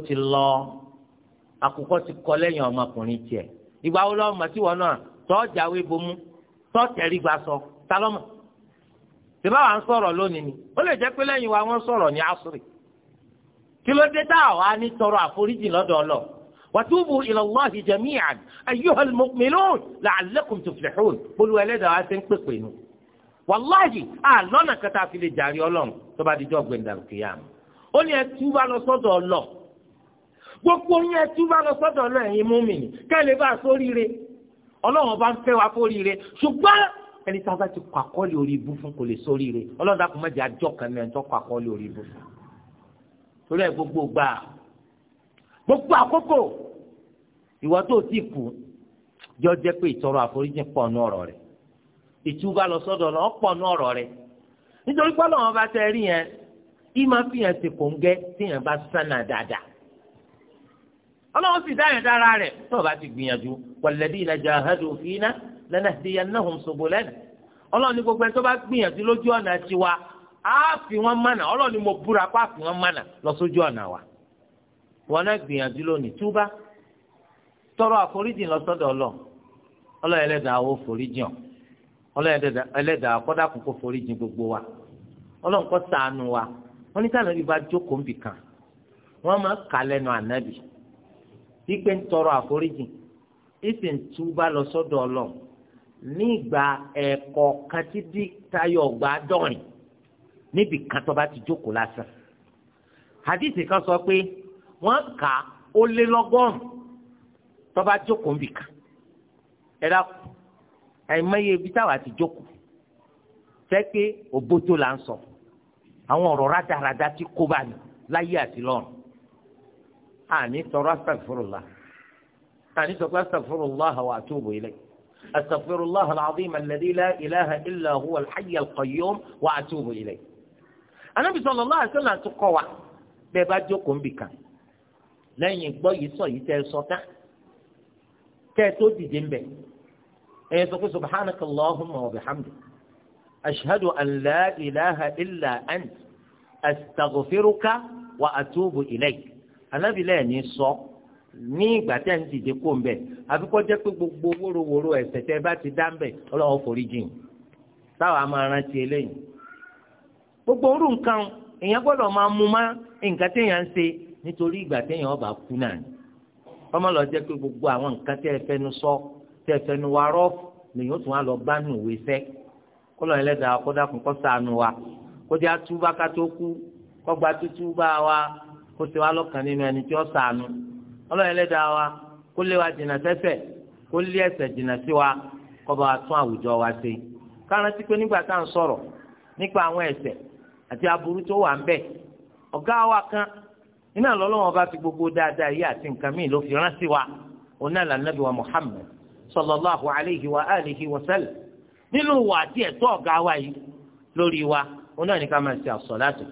ti kọ lẹ́yìn ọmọkùnrin tiẹ̀ ìgbà wo lọ́mọ náà tí báwa ń sọ̀rọ̀ lónìí ni ó lè jẹ́ pé lẹ́yìn wa wọ́n sọ̀rọ̀ ní asiri kí ló dé tá a wá ní tọrọ àforíjì lọ́dọ̀ ọlọ wàtúbù ilallahi jami'an ayyuhal mu'minun la'allakum tuflihun olúwa ẹlẹ́dàá wa ṣe ń pèpè nù wàláhì àlọ́nà kẹta fi lè jàre ọlọ́run tó bá dijọ́ gbẹ̀ndàlùkìyà ó ní ẹ túbà lọ sọ́dọ̀ ọlọ́ọ̀ gbogbo yín ẹ túbà lọ sọ́dọ̀ ọlọ́ọ̀ ẹ̀yin múmi kẹ́lẹ́ bá sóríire ọlọ́run bá ń fẹ́ wa fóríire ṣùgbọ́n ẹni tí a bá ti kọ àkọọ́lẹ̀ orí ibú fún kò lè sórí rẹ ọlọ́dà kò má àjọ kan náà tó kọ àkọọ́lẹ̀ orí ibú fún torí ẹ gbogbo gbà gbogbo àkókò ìwọ tó ti kú jọ jẹ pé ìtọrọ àforíjì pọ̀ nù ọ̀rọ̀ rẹ̀ ìtúbà lọ sọ́dọ̀ lọ pọ̀ nù ọ̀rọ̀ rẹ̀ nítorí pé bá tẹ rí yẹn fi yẹn ti kò ń gẹ́ tí yẹn bá sànà dáadáa ọlọ́run sì dá yẹn dára rẹ̀ tó o bá ti gbìyànjú walladhina lanahdiyannahum subulana ọlọ́run ní gbogbo ẹni tó bá gbìyànjú lójú ọ̀nà tiwa á fi wọ́n mánà ọlọ́run ní mo búra pa fi wọ́n mánà lọ sójú ọ̀nà wa wọn náà gbìyànjú lónìí túbá tọrọ àforíjì lọ sọ́dọ̀ ọlọ́run ọlọ́run ẹlẹ́dàá ó foríjì hàn ọlọ́run ẹlẹ́dàá kọ́dà kókó foríjì gbogbo wa ọlọ́run kó ṣàánú wa wọn ní sànà bí ba jókòó nbì kan wọ́n máa kà lẹ́nu ànábì wípé ń tọrọ àforíjì ìsìn túbá lọ sọ́dọ̀ ọlọ́run nígbà ẹ̀kọ́ kan tí dí tayọ̀ gbà dọ̀rìn níbi kan tó bá ti jókòó lásán hadithi kan sọ pé wọ́n kà ó lé lọ́gọ́rùn tó bá jókòó níbi kan ẹ dákú àìmọye ibi táwa ti jókòó sẹ́pẹ́ òbótó là ń sọ àwọn ọ̀rọ̀ rádaràda tí kó bá ní láyé àti lọ́run àní sọ̀rọ̀ astagfirullah àní sọ̀rọ̀ astagfirullah wa atubu ilayhi. أستغفر الله العظيم الذي لا إله إلا هو الحي القيوم وأتوب إليه النبي صلى الله عليه وسلم تقوى bẹ́ẹ̀ jókòó ń bì kan lẹ́yìn gbọ́ yìí sọ yìí tẹ́ ẹ sọ tán tẹ́ ẹ tó dìde ń bẹ̀ ẹ sọ pé subhanaka allahumma wa bihamdi ashhadu an la ilaha illa ant astaghfiruka wa atubu ilayk anábìlẹ̀ ní sọ. So. ní ìgbà tẹ́ ń dìde kó ń bẹ̀ àfi jẹ́ pé gbogbo wóróworó ẹ̀ṣẹ̀ tẹ́ bá ti dá ń bẹ̀ ọlọ́wọ́ forí jìn táwa máa rántí eléyìí gbogbo orú nǹkan èèyàn gbọ́dọ̀ máa mú má nǹkan téèyàn nítorí ìgbà téèyàn ọba kú náà ni lọ gbogbo àwọn nǹkan sọ wa lèyìn ó tún wá lọ bá nù kó kó dákun kó wa ọlọ́run ẹlẹ́dàá wa kó lé wa jìnnà sẹ́ṣẹ̀ kó lé ẹ̀ṣẹ̀ jìnnà sí wa kó bá wa tún àwùjọ wa ṣe kárántí pé nígbà tá à ń sọ̀rọ̀ nípa àwọn ẹ̀ṣẹ̀ àti aburú tó wà ń bẹ ọ̀gá wa kan iná lọ́lọ́wọ́n bá fi gbogbo dáadáa yìí àti nǹkan míì ló fi rán sí wa ọ̀nà lànàbí wa Muhammad sallallahu alayhi wa alihi wa sallam nínú wa àti ẹ̀tọ́ ọ̀gá wa yìí lórí wa ọ̀nà ní ká máa ṣe àsọ̀láàtù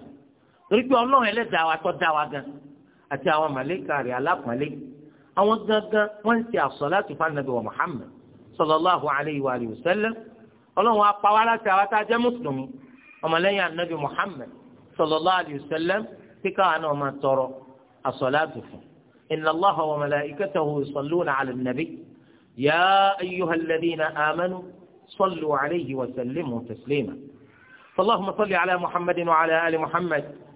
torí pé ọlọ́run ẹlẹ́dàá wa tó dá wa gan-an àti àwọn màlẹ́kà rẹ̀ alápọ̀nlé àwọn gangan wọ́n ń ṣe àsọ̀láàtì fún anabi wa Muhammad sallallahu alayhi wa sallam ọlọ́run apáwá láti àwọn tá a jẹ́ mùsùlùmí ọmọlẹ́yìn anabi Muhammad sallallahu alayhi wa sallam tí káwọn náà máa tọrọ àsọ̀láàtì fún inna Allaha wa malaikatahu yusalluna ala nabi ya ayyuhal ladhina amanu sallu alayhi wa فاللهم صل على محمد وعلى آل محمد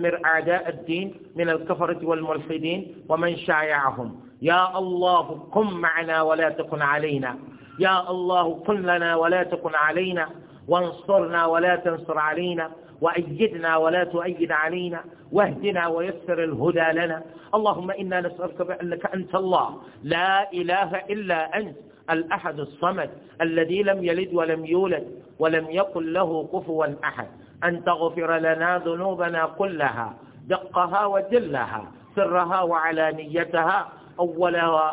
دمر أعداء الدين من الكفرة والملحدين ومن شايعهم يا الله قم معنا ولا تكن علينا يا الله قل لنا ولا تكن علينا وانصرنا ولا تنصر علينا وأيدنا ولا تؤيد علينا واهدنا ويسر الهدى لنا اللهم إنا نسألك بأنك أنت الله لا إله إلا أنت الأحد الصمد الذي لم يلد ولم يولد ولم يقل له كفوا أحد أن تغفر لنا ذنوبنا كلها دقها وجلها سرها وعلانيتها أولها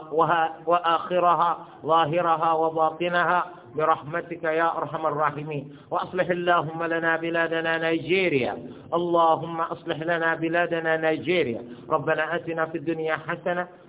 وآخرها ظاهرها وباطنها برحمتك يا أرحم الراحمين وأصلح اللهم لنا بلادنا نيجيريا اللهم أصلح لنا بلادنا نيجيريا ربنا أتنا في الدنيا حسنة